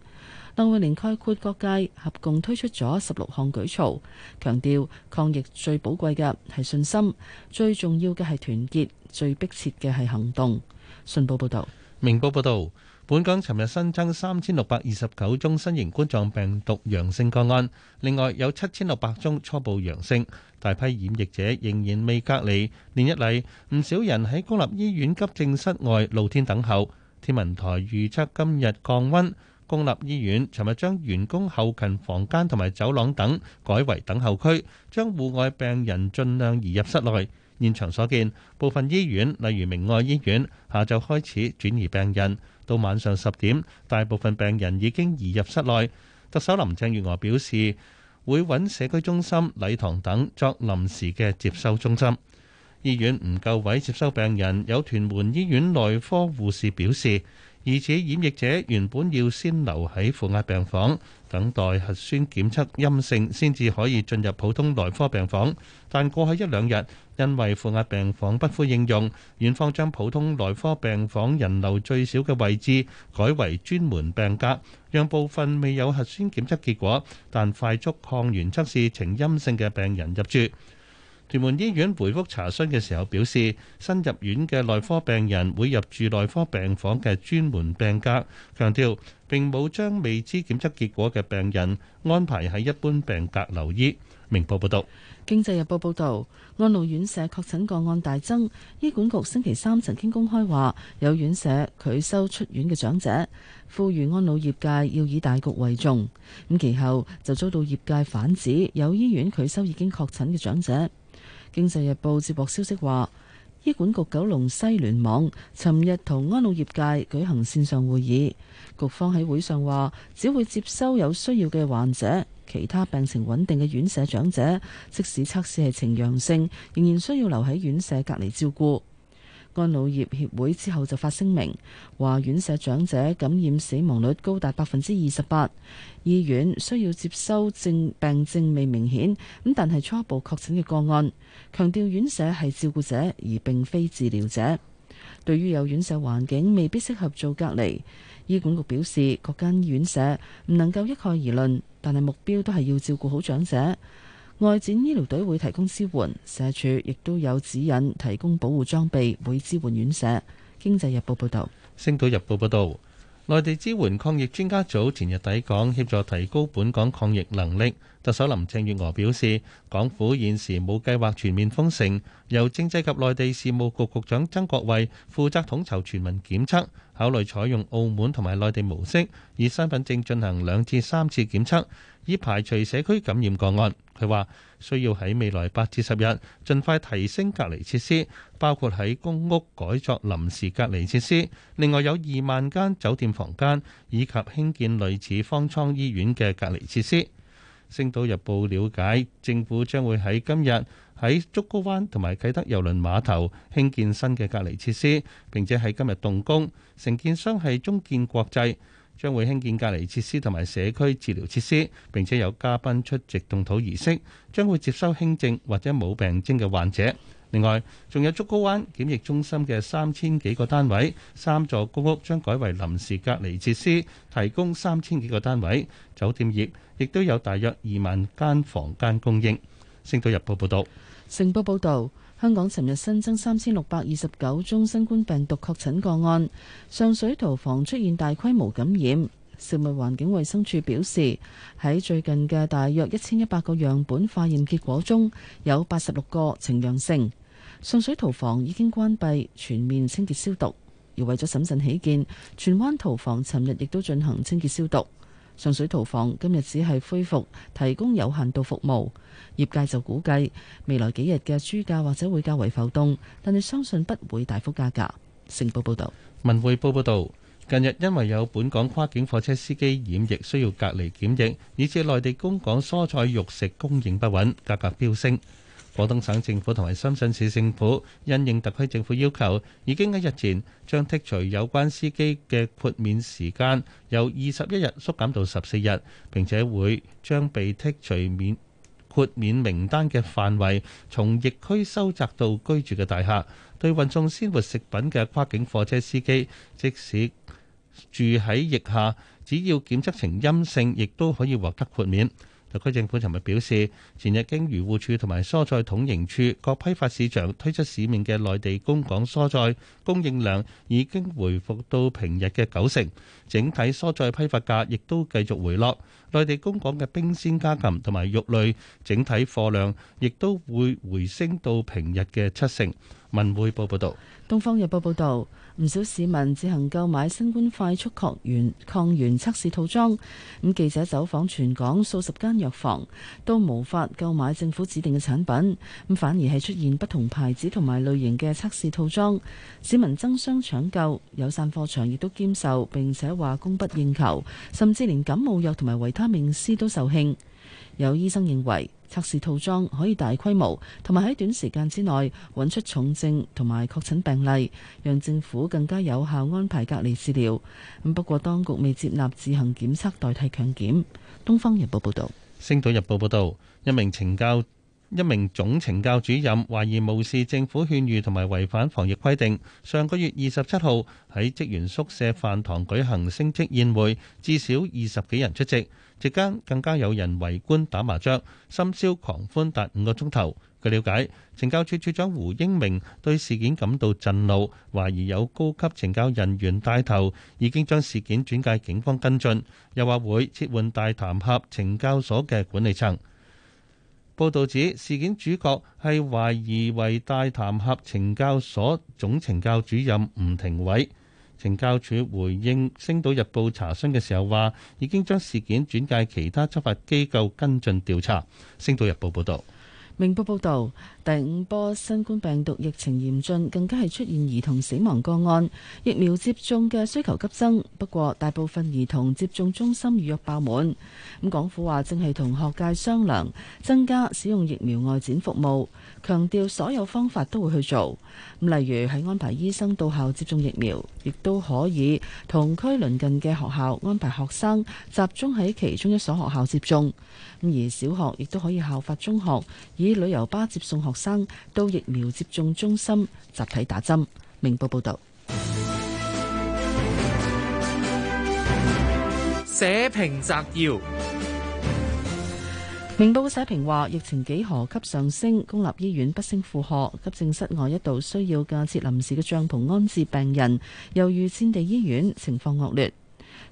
鄧永年概括各界合共推出咗十六項舉措，強調抗疫最寶貴嘅係信心，最重要嘅係團結，最迫切嘅係行動。信報報道。明報報導。本港尋日新增三千六百二十九宗新型冠狀病毒陽性個案，另外有七千六百宗初步陽性。大批染疫者仍然未隔離。連日嚟，唔少人喺公立醫院急症室外露天等候。天文台預測今日降溫。公立醫院尋日將員工後勤房間同埋走廊等改為等候區，將戶外病人盡量移入室內。現場所見，部分醫院例如明愛醫院下晝開始轉移病人。到晚上十點，大部分病人已經移入室內。特首林鄭月娥表示，會揾社區中心、禮堂等作臨時嘅接收中心。醫院唔夠位接收病人，有屯門醫院內科護士表示，疑似染疫者原本要先留喺負壓病房。等待核酸檢測陰性先至可以進入普通內科病房，但過去一兩日，因為負壓病房不敷應用，院方將普通內科病房人流最少嘅位置改為專門病格，讓部分未有核酸檢測結果但快速抗原測試呈陰性嘅病人入住。屯門醫院回覆查詢嘅時候表示，新入院嘅內科病人會入住內科病房嘅專門病格，強調，並冇將未知檢測結果嘅病人安排喺一般病格留醫。明報報道：《經濟日報》報導，安老院舍確診個案大增。醫管局星期三曾經公開話，有院舍拒收出院嘅長者，呼籲安老業界要以大局為重。咁其後就遭到業界反指有醫院拒收已經確診嘅長者。《經濟日報》接獲消息話，醫管局九龍西聯網尋日同安老業界舉行線上會議。局方喺會上話，只會接收有需要嘅患者，其他病情穩定嘅院舍長者，即使測試係呈陽性，仍然需要留喺院舍隔離照顧。安老業協會之後就發聲明，話院舍長者感染死亡率高達百分之二十八，醫院需要接收症病症未明顯咁，但係初步確診嘅個案，強調院舍係照顧者而並非治療者。對於有院舍環境未必適合做隔離。醫管局表示，各間院舍唔能夠一概而論，但係目標都係要照顧好長者。外展醫療隊會提供支援，社署亦都有指引提供保護裝備，會支援院舍。經濟日報報道，星島日報報道。內地支援抗疫專家組前日抵港協助提高本港抗疫能力。特首林鄭月娥表示，港府現時冇計劃全面封城，由政制及內地事務局局長曾國衛負責統籌全民檢測，考慮採用澳門同埋內地模式，以身份證進行兩至三次檢測，以排除社區感染個案。佢話需要喺未來八至十日盡快提升隔離設施，包括喺公屋改作臨時隔離設施，另外有二萬間酒店房間以及興建類似方艙醫院嘅隔離設施。星島日報了解，政府將會喺今日喺竹篙灣同埋啟德郵輪碼頭興建新嘅隔離設施，並且喺今日動工，承建商係中建國際。將會興建隔離設施同埋社區治療設施，並且有嘉賓出席動土儀式。將會接收輕症或者冇病徵嘅患者。另外，仲有竹篙灣檢疫中心嘅三千幾個單位，三座公屋將改為臨時隔離設施，提供三千幾個單位，酒店業亦都有大約二萬間房間供應。星島日報報道，成報報道。香港尋日新增三千六百二十九宗新冠病毒確診個案，上水屠房出現大規模感染。食物環境衞生署表示，喺最近嘅大約一千一百個樣本化驗結果中，有八十六個呈陽性。上水屠房已經關閉，全面清潔消毒。而為咗審慎起見，荃灣屠房尋日亦都進行清潔消毒。上水屠房今日只係恢復提供有限度服務。業界就估計，未來幾日嘅豬價或者會較為浮動，但係相信不會大幅加價。成報報導，文匯報報導，近日因為有本港跨境貨車司機染疫需要隔離檢疫，以致內地供港蔬菜肉食供應不穩，價格飆升。廣東省政府同埋深圳市政府因應特區政府要求，已經喺日前將剔除有關司機嘅豁免時間由二十一日縮減到十四日，並且會將被剔除免。豁免名單嘅範圍從疫區收窄到居住嘅大廈，對運送鮮活食品嘅跨境貨車司機，即使住喺疫下，只要檢測呈陰性，亦都可以獲得豁免。特區政府尋日表示，前日經漁護處同埋蔬菜統營處各批發市場推出市面嘅內地供港蔬菜供應量已經回復到平日嘅九成，整體蔬菜批發價亦都繼續回落。內地供港嘅冰鮮家禽同埋肉類整體貨量亦都會回升到平日嘅七成。文匯報報道。東方日報報道，唔少市民自行購買新冠快速抗原抗原測試套裝。咁、嗯、記者走訪全港數十間藥房，都無法購買政府指定嘅產品，咁、嗯、反而係出現不同牌子同埋類型嘅測試套裝。市民爭相搶購，有散貨場亦都兼售，並且話供不應求，甚至連感冒藥同埋維他。加名師都受慶，有醫生認為測試套裝可以大規模同埋喺短時間之內揾出重症同埋確診病例，讓政府更加有效安排隔離治療。咁不過當局未接納自行檢測代替強檢。東方日報報道，星島日報報道，一名懲教一名總懲教主任懷疑無視政府勸喻同埋違反防疫規定，上個月二十七號喺職員宿舍飯堂舉行升職宴會，至少二十幾人出席。期間更加有人圍觀打麻雀，深宵狂歡達五個鐘頭。據了解，懲教署署長胡英明對事件感到震怒，懷疑有高級懲教人員帶頭，已經將事件轉介警方跟進，又話會撤換大潭峽懲教所嘅管理層。報導指，事件主角係懷疑為大潭峽懲教所總懲教主任吳廷偉。城教署回應《星島日報》查詢嘅時候話，已經將事件轉介其他執法機構跟進調查。《星島日報》報道，明報報道，第五波新冠病毒疫情嚴峻，更加係出現兒童死亡個案，疫苗接種嘅需求急增。不過，大部分兒童接種中心預約爆滿。咁，港府話正係同學界商量，增加使用疫苗外展服務。強調所有方法都會去做，例如係安排醫生到校接種疫苗，亦都可以同區鄰近嘅學校安排學生集中喺其中一所學校接種。而小學亦都可以效法中學，以旅遊巴接送學生到疫苗接種中心集體打針。明報報道。社評摘要。明報社評話，疫情幾何級上升，公立醫院不勝負荷，急症室外一度需要架設臨時嘅帳篷安置病人，又遇戰地醫院情況惡劣。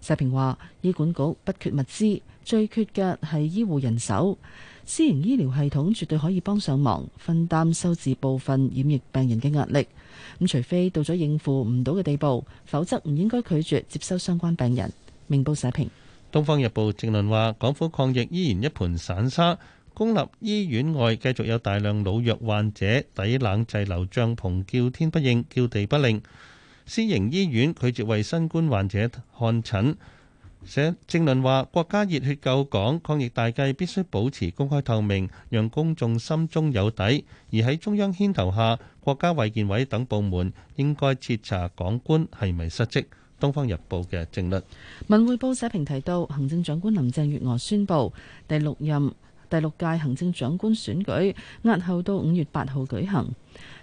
社評話，醫管局不缺物資，最缺嘅係醫護人手，私營醫療系統絕對可以幫上忙，分擔收治部分染疫病人嘅壓力。咁除非到咗應付唔到嘅地步，否則唔應該拒絕接收相關病人。明報社評。《東方日報》正論話：港府抗疫依然一盤散沙，公立醫院外繼續有大量老弱患者抵冷滯留帳篷，叫天不應，叫地不靈。私營醫院拒絕為新冠患者看診。社正論話：國家熱血救港，抗疫大計必須保持公開透明，讓公眾心中有底。而喺中央牽頭下，國家衛健委等部門應該徹查港官係咪失職。《東方日報》嘅正論文匯報社評提到，行政長官林鄭月娥宣布，第六任第六屆行政長官選舉押後到五月八號舉行。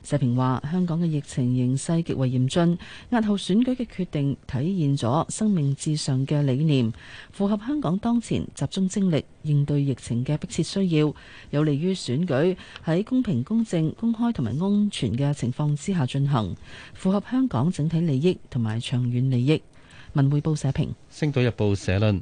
社評話：香港嘅疫情形勢極為嚴峻，押後選舉嘅決定體現咗生命至上嘅理念，符合香港當前集中精力應對疫情嘅迫切需要，有利於選舉喺公平、公正、公開同埋安全嘅情況之下進行，符合香港整體利益同埋長遠利益。文匯報社評，星島日報社論。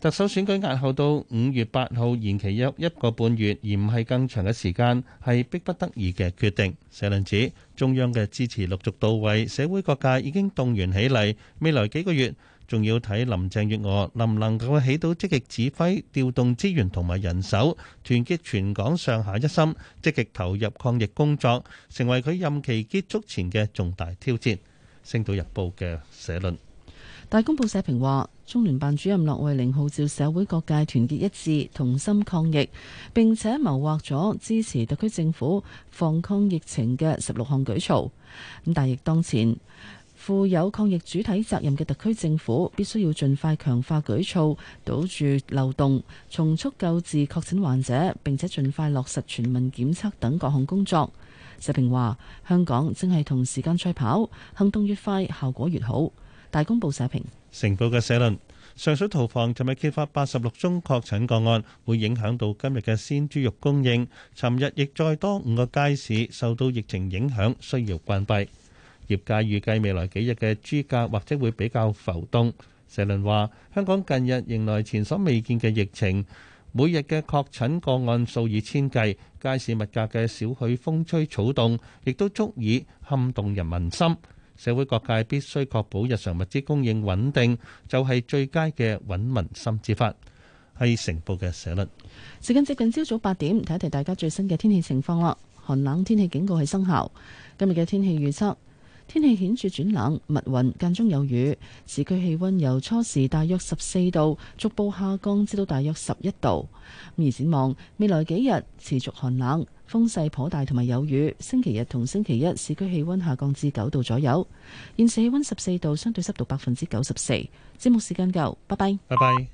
特首選舉押後到五月八號，延期約一個半月，而唔係更長嘅時間，係逼不得已嘅決定。社論指中央嘅支持陸續到位，社會各界已經動員起嚟。未來幾個月，仲要睇林鄭月娥能唔能夠起到積極指揮、調動資源同埋人手，團結全港上下一心，積極投入抗疫工作，成為佢任期結束前嘅重大挑戰。星島日報嘅社論。大公報社評話，中聯辦主任駱惠寧號召社會各界團結一致，同心抗疫。並且謀劃咗支持特區政府防控疫情嘅十六項舉措。咁大疫當前，負有抗疫主體責任嘅特區政府必須要盡快強化舉措，堵住漏洞，從速救治確診患者，並且盡快落實全民檢測等各項工作。社評話，香港正係同時間賽跑，行動越快，效果越好。大公報社評：成報嘅社論，上水屠房尋日揭發八十六宗確診個案，會影響到今日嘅鮮豬肉供應。尋日亦再多五個街市受到疫情影響，需要關閉。業界預計未來幾日嘅豬價或者會比較浮動。社論話：香港近日迎來前所未見嘅疫情，每日嘅確診個案數以千計，街市物價嘅少許風吹草動，亦都足以撼動人民心。社會各界必須確保日常物資供應穩定，就係、是、最佳嘅穩民心之法，係成報嘅社論。時間接近朝早八點，睇一睇大家最新嘅天氣情況啦。寒冷天氣警告係生效。今日嘅天氣預測，天氣顯著轉冷，密雲間中有雨。市區氣温由初時大約十四度，逐步下降至到大約十一度。而展望未來幾日，持續寒冷。風勢頗大，同埋有雨。星期日同星期一，市區氣溫下降至九度左右。現時氣溫十四度，相對濕度百分之九十四。節目時間夠，拜拜。拜拜。